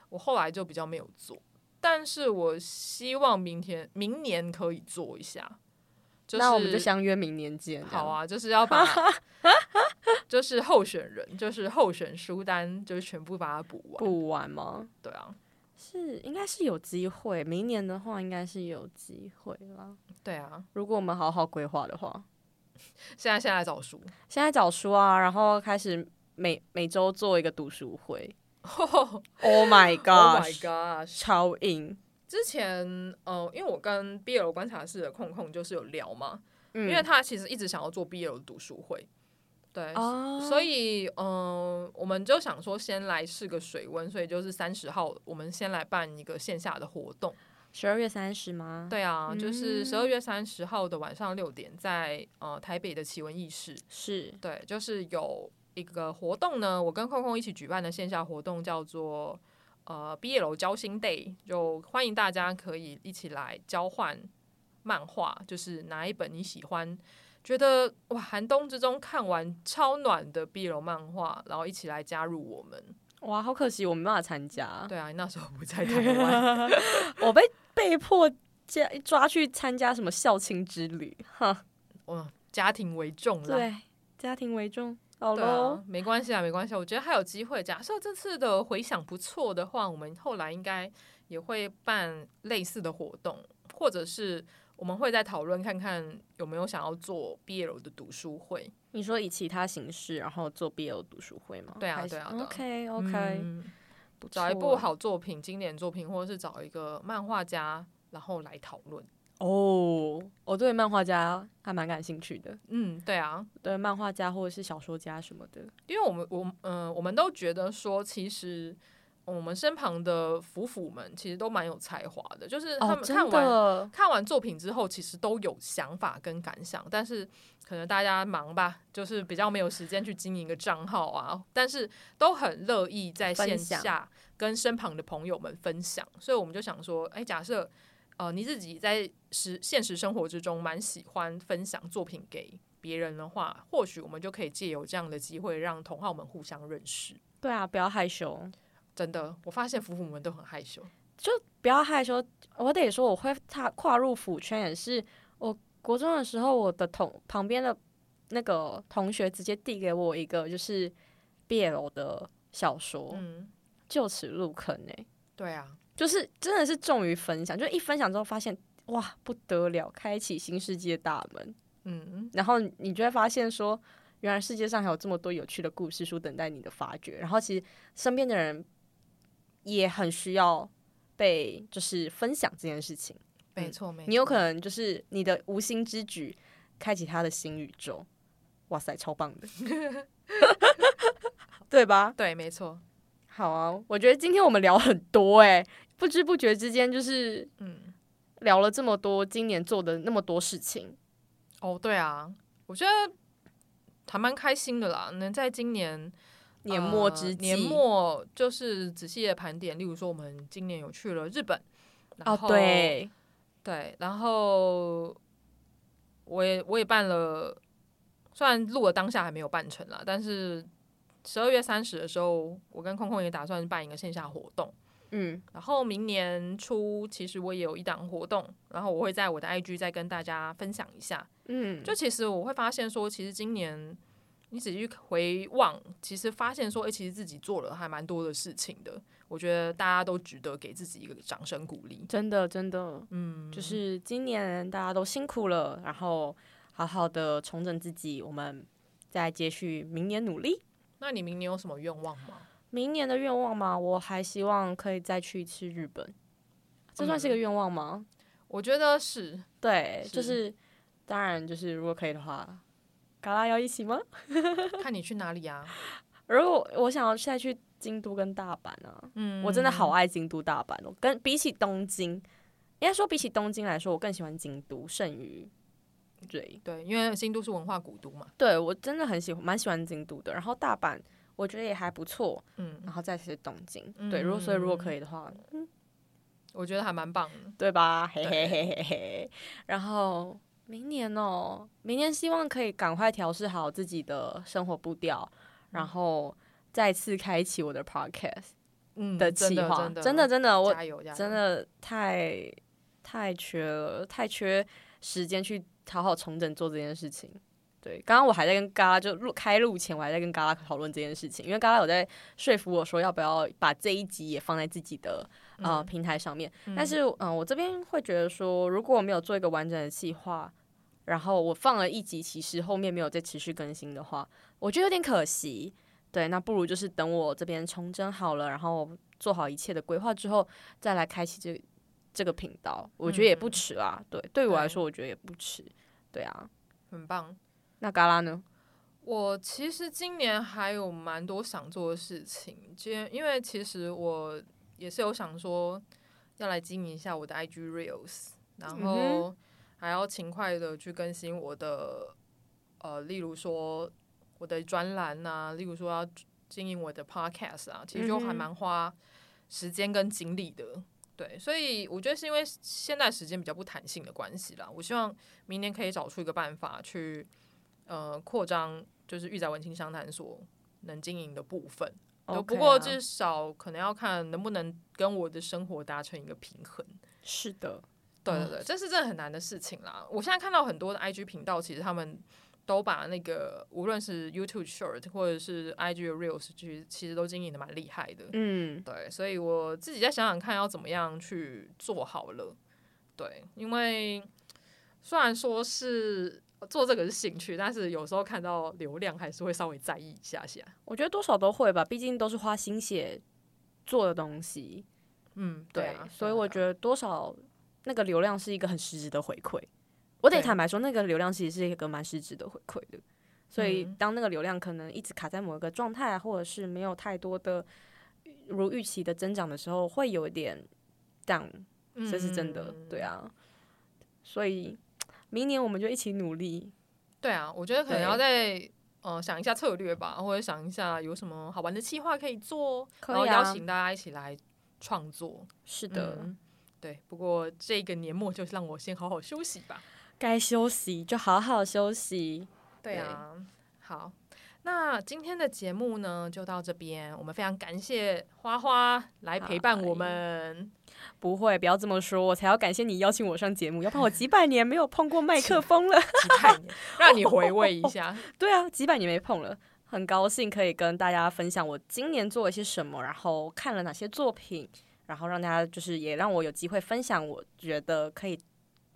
我後來就比較沒有做。但是我希望明天明年可以做一下，就是、那我們就相約明年見。好啊，就是要把 就是候選人，就是候選書單，就是全部把它補完，補完嗎、嗯？對啊。是，應該是有機會。明年的話，應該是有機會啦。對啊，如果我們好好規劃的話，現在先來找書，現在在找書啊，然後開始每每周做一個讀書會。Oh, oh my god! Oh my god! 超硬。之前，呃，因為我跟 BL 觀察室的空空就是有聊嘛，嗯，因為他其實一直想要做 BL 讀書會。對，oh. 所以嗯、呃，我們就想說先來試個水溫，所以就是三十號，我們先來辦一個線下的活動。十二月三十嗎？對啊，嗯、就是十二月三十號的晚上六點在，在呃台北的奇聞異事，是對，就是有一個活動呢。我跟空空一起舉辦的線下活動叫做呃 BL 樓交心 Day，就歡迎大家可以一起來交換漫畫，就是拿一本你喜歡。覺得哇，寒冬之中看完超暖的 BL 漫畫，然後一起來加入我們哇！好可惜，我沒辦法參加。對啊，那時候不在台灣。 我被被迫抓抓去參加什麼孝親之旅。哈，哦，家庭為重啦，對，家庭為重。啊、好咯，沒關係啊，沒關係。我覺得還有機會，假設這次的回響不錯的話，我們後來應該也會辦類似的活動，或者是。我們會再討論看看有沒有想要做 B L 的讀書會。你說以其他形式，然後做 B L 讀書會嗎？對啊，對啊。還是。OK OK，嗯、不錯。找一部好作品、經典作品，或者是找一個漫畫家，然後來討論。哦，我對漫畫家還蠻感興趣的。嗯，對啊，對漫畫家或者是小說家什麼的，因為我們我嗯、呃、我們都覺得說其實。我們身旁的夫婦們其實都蠻有才華的，就是他們看完、哦、看完作品之後，其實都有想法跟感想，但是可能大家忙吧，就是比較沒有時間去經營一個賬號啊。但是都很樂意在線下跟身旁的朋友們分享，所以我們就想說，哎，假設呃你自己在實現實生活之中蠻喜歡分享作品給別人的話，或許我們就可以借由這樣的機會讓同好們互相認識。對啊，不要害羞。真的，我發現腐腐們都很害羞，就不要害羞。我得說，我會踏跨入腐圈也是，我國中的時候，我的同旁邊的那個同學直接遞給我一個就是 BL 的小說，嗯、就此入坑呢、欸。對啊，就是真的是重於分享，就一分享之後發現哇不得了，開啟新世界大門，嗯，然後你就會發現說，原來世界上還有這麼多有趣的故事書等待你的發掘。然後其實身邊的人。也很需要被就是分享這件事情，沒錯，嗯，你有可能就是你的無心之舉開啟他的新宇宙，哇塞，超棒的， 對吧？對，沒錯，好啊，我覺得今天我們聊很多哎、欸，不知不覺之間就是嗯，聊了這麼多，今年做的那麼多事情，哦，對啊，我覺得還蠻開心的啦，能在今年，年末之、呃、年末就是仔細的盤點，例如說我們今年有去了日本，然後哦對對，然後我也我也辦了，雖然錄了當下還沒有辦成啦，但是十二月三十的時候，我跟空空也打算辦一個線下活動，嗯，然後明年初其實我也有一檔活動，然後我會在我的 IG 再跟大家分享一下，嗯，就其實我會發現說，其實今年。你仔細回望，其實發現說，哎，其實自己做了還蠻多的事情的。我覺得大家都值得給自己一個掌聲鼓勵。真的，真的，嗯，就是今年大家都辛苦了，然後好好的重整自己，我們再接續明年努力。那你明年有什麼願望嗎？明年的願望嗎？我還希望可以再去一次日本。這算是個願望嗎？嗯，我覺得是，對，是，就是當然，就是如果可以的話。嘎拉要一起嗎？看你去哪裡啊！ 如果我想要再去京都跟大阪啊，嗯，我真的好愛京都大阪哦。跟比起東京，應該說比起東京來說，我更喜歡京都勝於對對，因為京都是文化古都嘛。對，我真的很喜歡，蠻喜歡京都的。然後大阪，我覺得也還不錯。嗯。然後再是東京，嗯、對。如果所以如果可以的話，嗯，我覺得還蠻棒的，對吧？嘿嘿嘿嘿嘿。 然後。明年哦、喔，明年希望可以趕快調適好自己的生活步調，然後再次開啟我的 podcast 的計劃、嗯。真的，真的，真的，真的，我真的太太缺了，太缺時間去好好重整做這件事情。對，剛剛我還在跟嘎拉就錄開錄前，我還在跟嘎拉討論這件事情，因為嘎拉有在說服我說，要不要把這一集也放在自己的。呃，嗯、平台上面，嗯、但是嗯，我這邊會覺得說，如果我沒有做一個完整的計劃，然後我放了一集，其實後面沒有再持續更新的話，我覺得有點可惜。對，那不如就是等我這邊重整好了，然後做好一切的規劃之後，再來開啟這這個頻道，我覺得也不遲啊。嗯、對，對我來說，我覺得也不遲。對，對啊，很棒。那嘎拉呢？我其實今年還有蠻多想做的事情，今天因為其實我。也是有想說，要來經營一下我的 IG reels，然後還要勤快的去更新我的，嗯、哼呃，例如說我的專欄吶，例如說要經營我的 podcast 啊，其實就還蠻花時間跟精力的。嗯、哼對，所以我覺得是因為現在時間比較不彈性的關係啦。我希望明年可以找出一個辦法去，呃，擴張就是御宅文青商談所能經營的部分。Okay 啊、不過至少可能要看能不能跟我的生活達成一個平衡。是的，對對對，嗯、這是真的很難的事情啦。我現在看到很多的 IG 頻道，其實他們都把那個無論是 YouTube Short 或者是 IG Reels，其實其實都經營的蠻厲害的。嗯，對，所以我自己再想想看要怎麼樣去做好了。對，因為雖然說是。做這個是興趣，但是有時候看到流量還是會稍微在意一下下。我覺得多少都會吧，畢竟都是花心血做的東西。嗯，對，對啊、所以我覺得多少那個流量是一個很實質的回饋。啊、我得坦白說，那個流量其實是一個蠻實質的回饋的。對所以當那個流量可能一直卡在某一個狀態，啊，或者是沒有太多的如預期的增長的時候，會有一點 down，這、嗯、是真的。對啊，所以。明年我們就一起努力，對啊，我覺得可能要再對呃想一下策略吧，或者想一下有什麼好玩的計劃可以做，可以啊，然後邀請大家一起來創作。是的，嗯，對。不過這個年末就讓我先好好休息吧，該休息就好好休息。對啊，對好。那今天的節目呢，就到這邊。我們非常感謝花花來陪伴我們。不會，不要這麼說，我才要感謝你邀請我上節目，要不然我幾百年沒有碰過麥克風了， 幾百年，讓你回味一下，哦哦。對啊，幾百年沒碰了，很高興可以跟大家分享我今年做了些什麼，然後看了哪些作品，然後讓大家就是也讓我有機會分享我覺得可以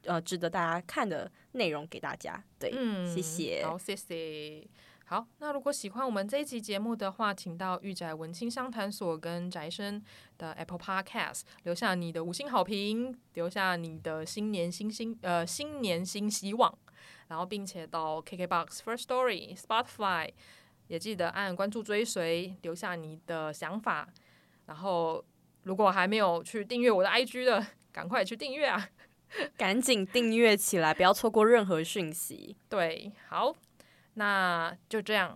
呃值得大家看的內容給大家。對，嗯、謝謝，好，哦，謝謝。好，那如果喜歡我們這一集節目的話，請到御宅文青商談所跟宅生的 Apple Podcast 留下你的五星好評，留下你的新年新新呃新年新希望，然後並且到 KKBOX First Story Spotify 也記得按關注追隨，留下你的想法，然後如果還沒有去訂閱我的 IG 的，趕快去訂閱啊， 趕緊訂閱起來，不要錯過任何訊息。對，好。那就這樣，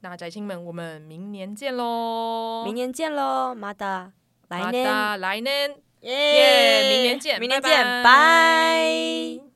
那宅青們，我們明年見嘍！明年見嘍，また，來年，また來年，耶！Yeah, 明年見，明年見，拜拜。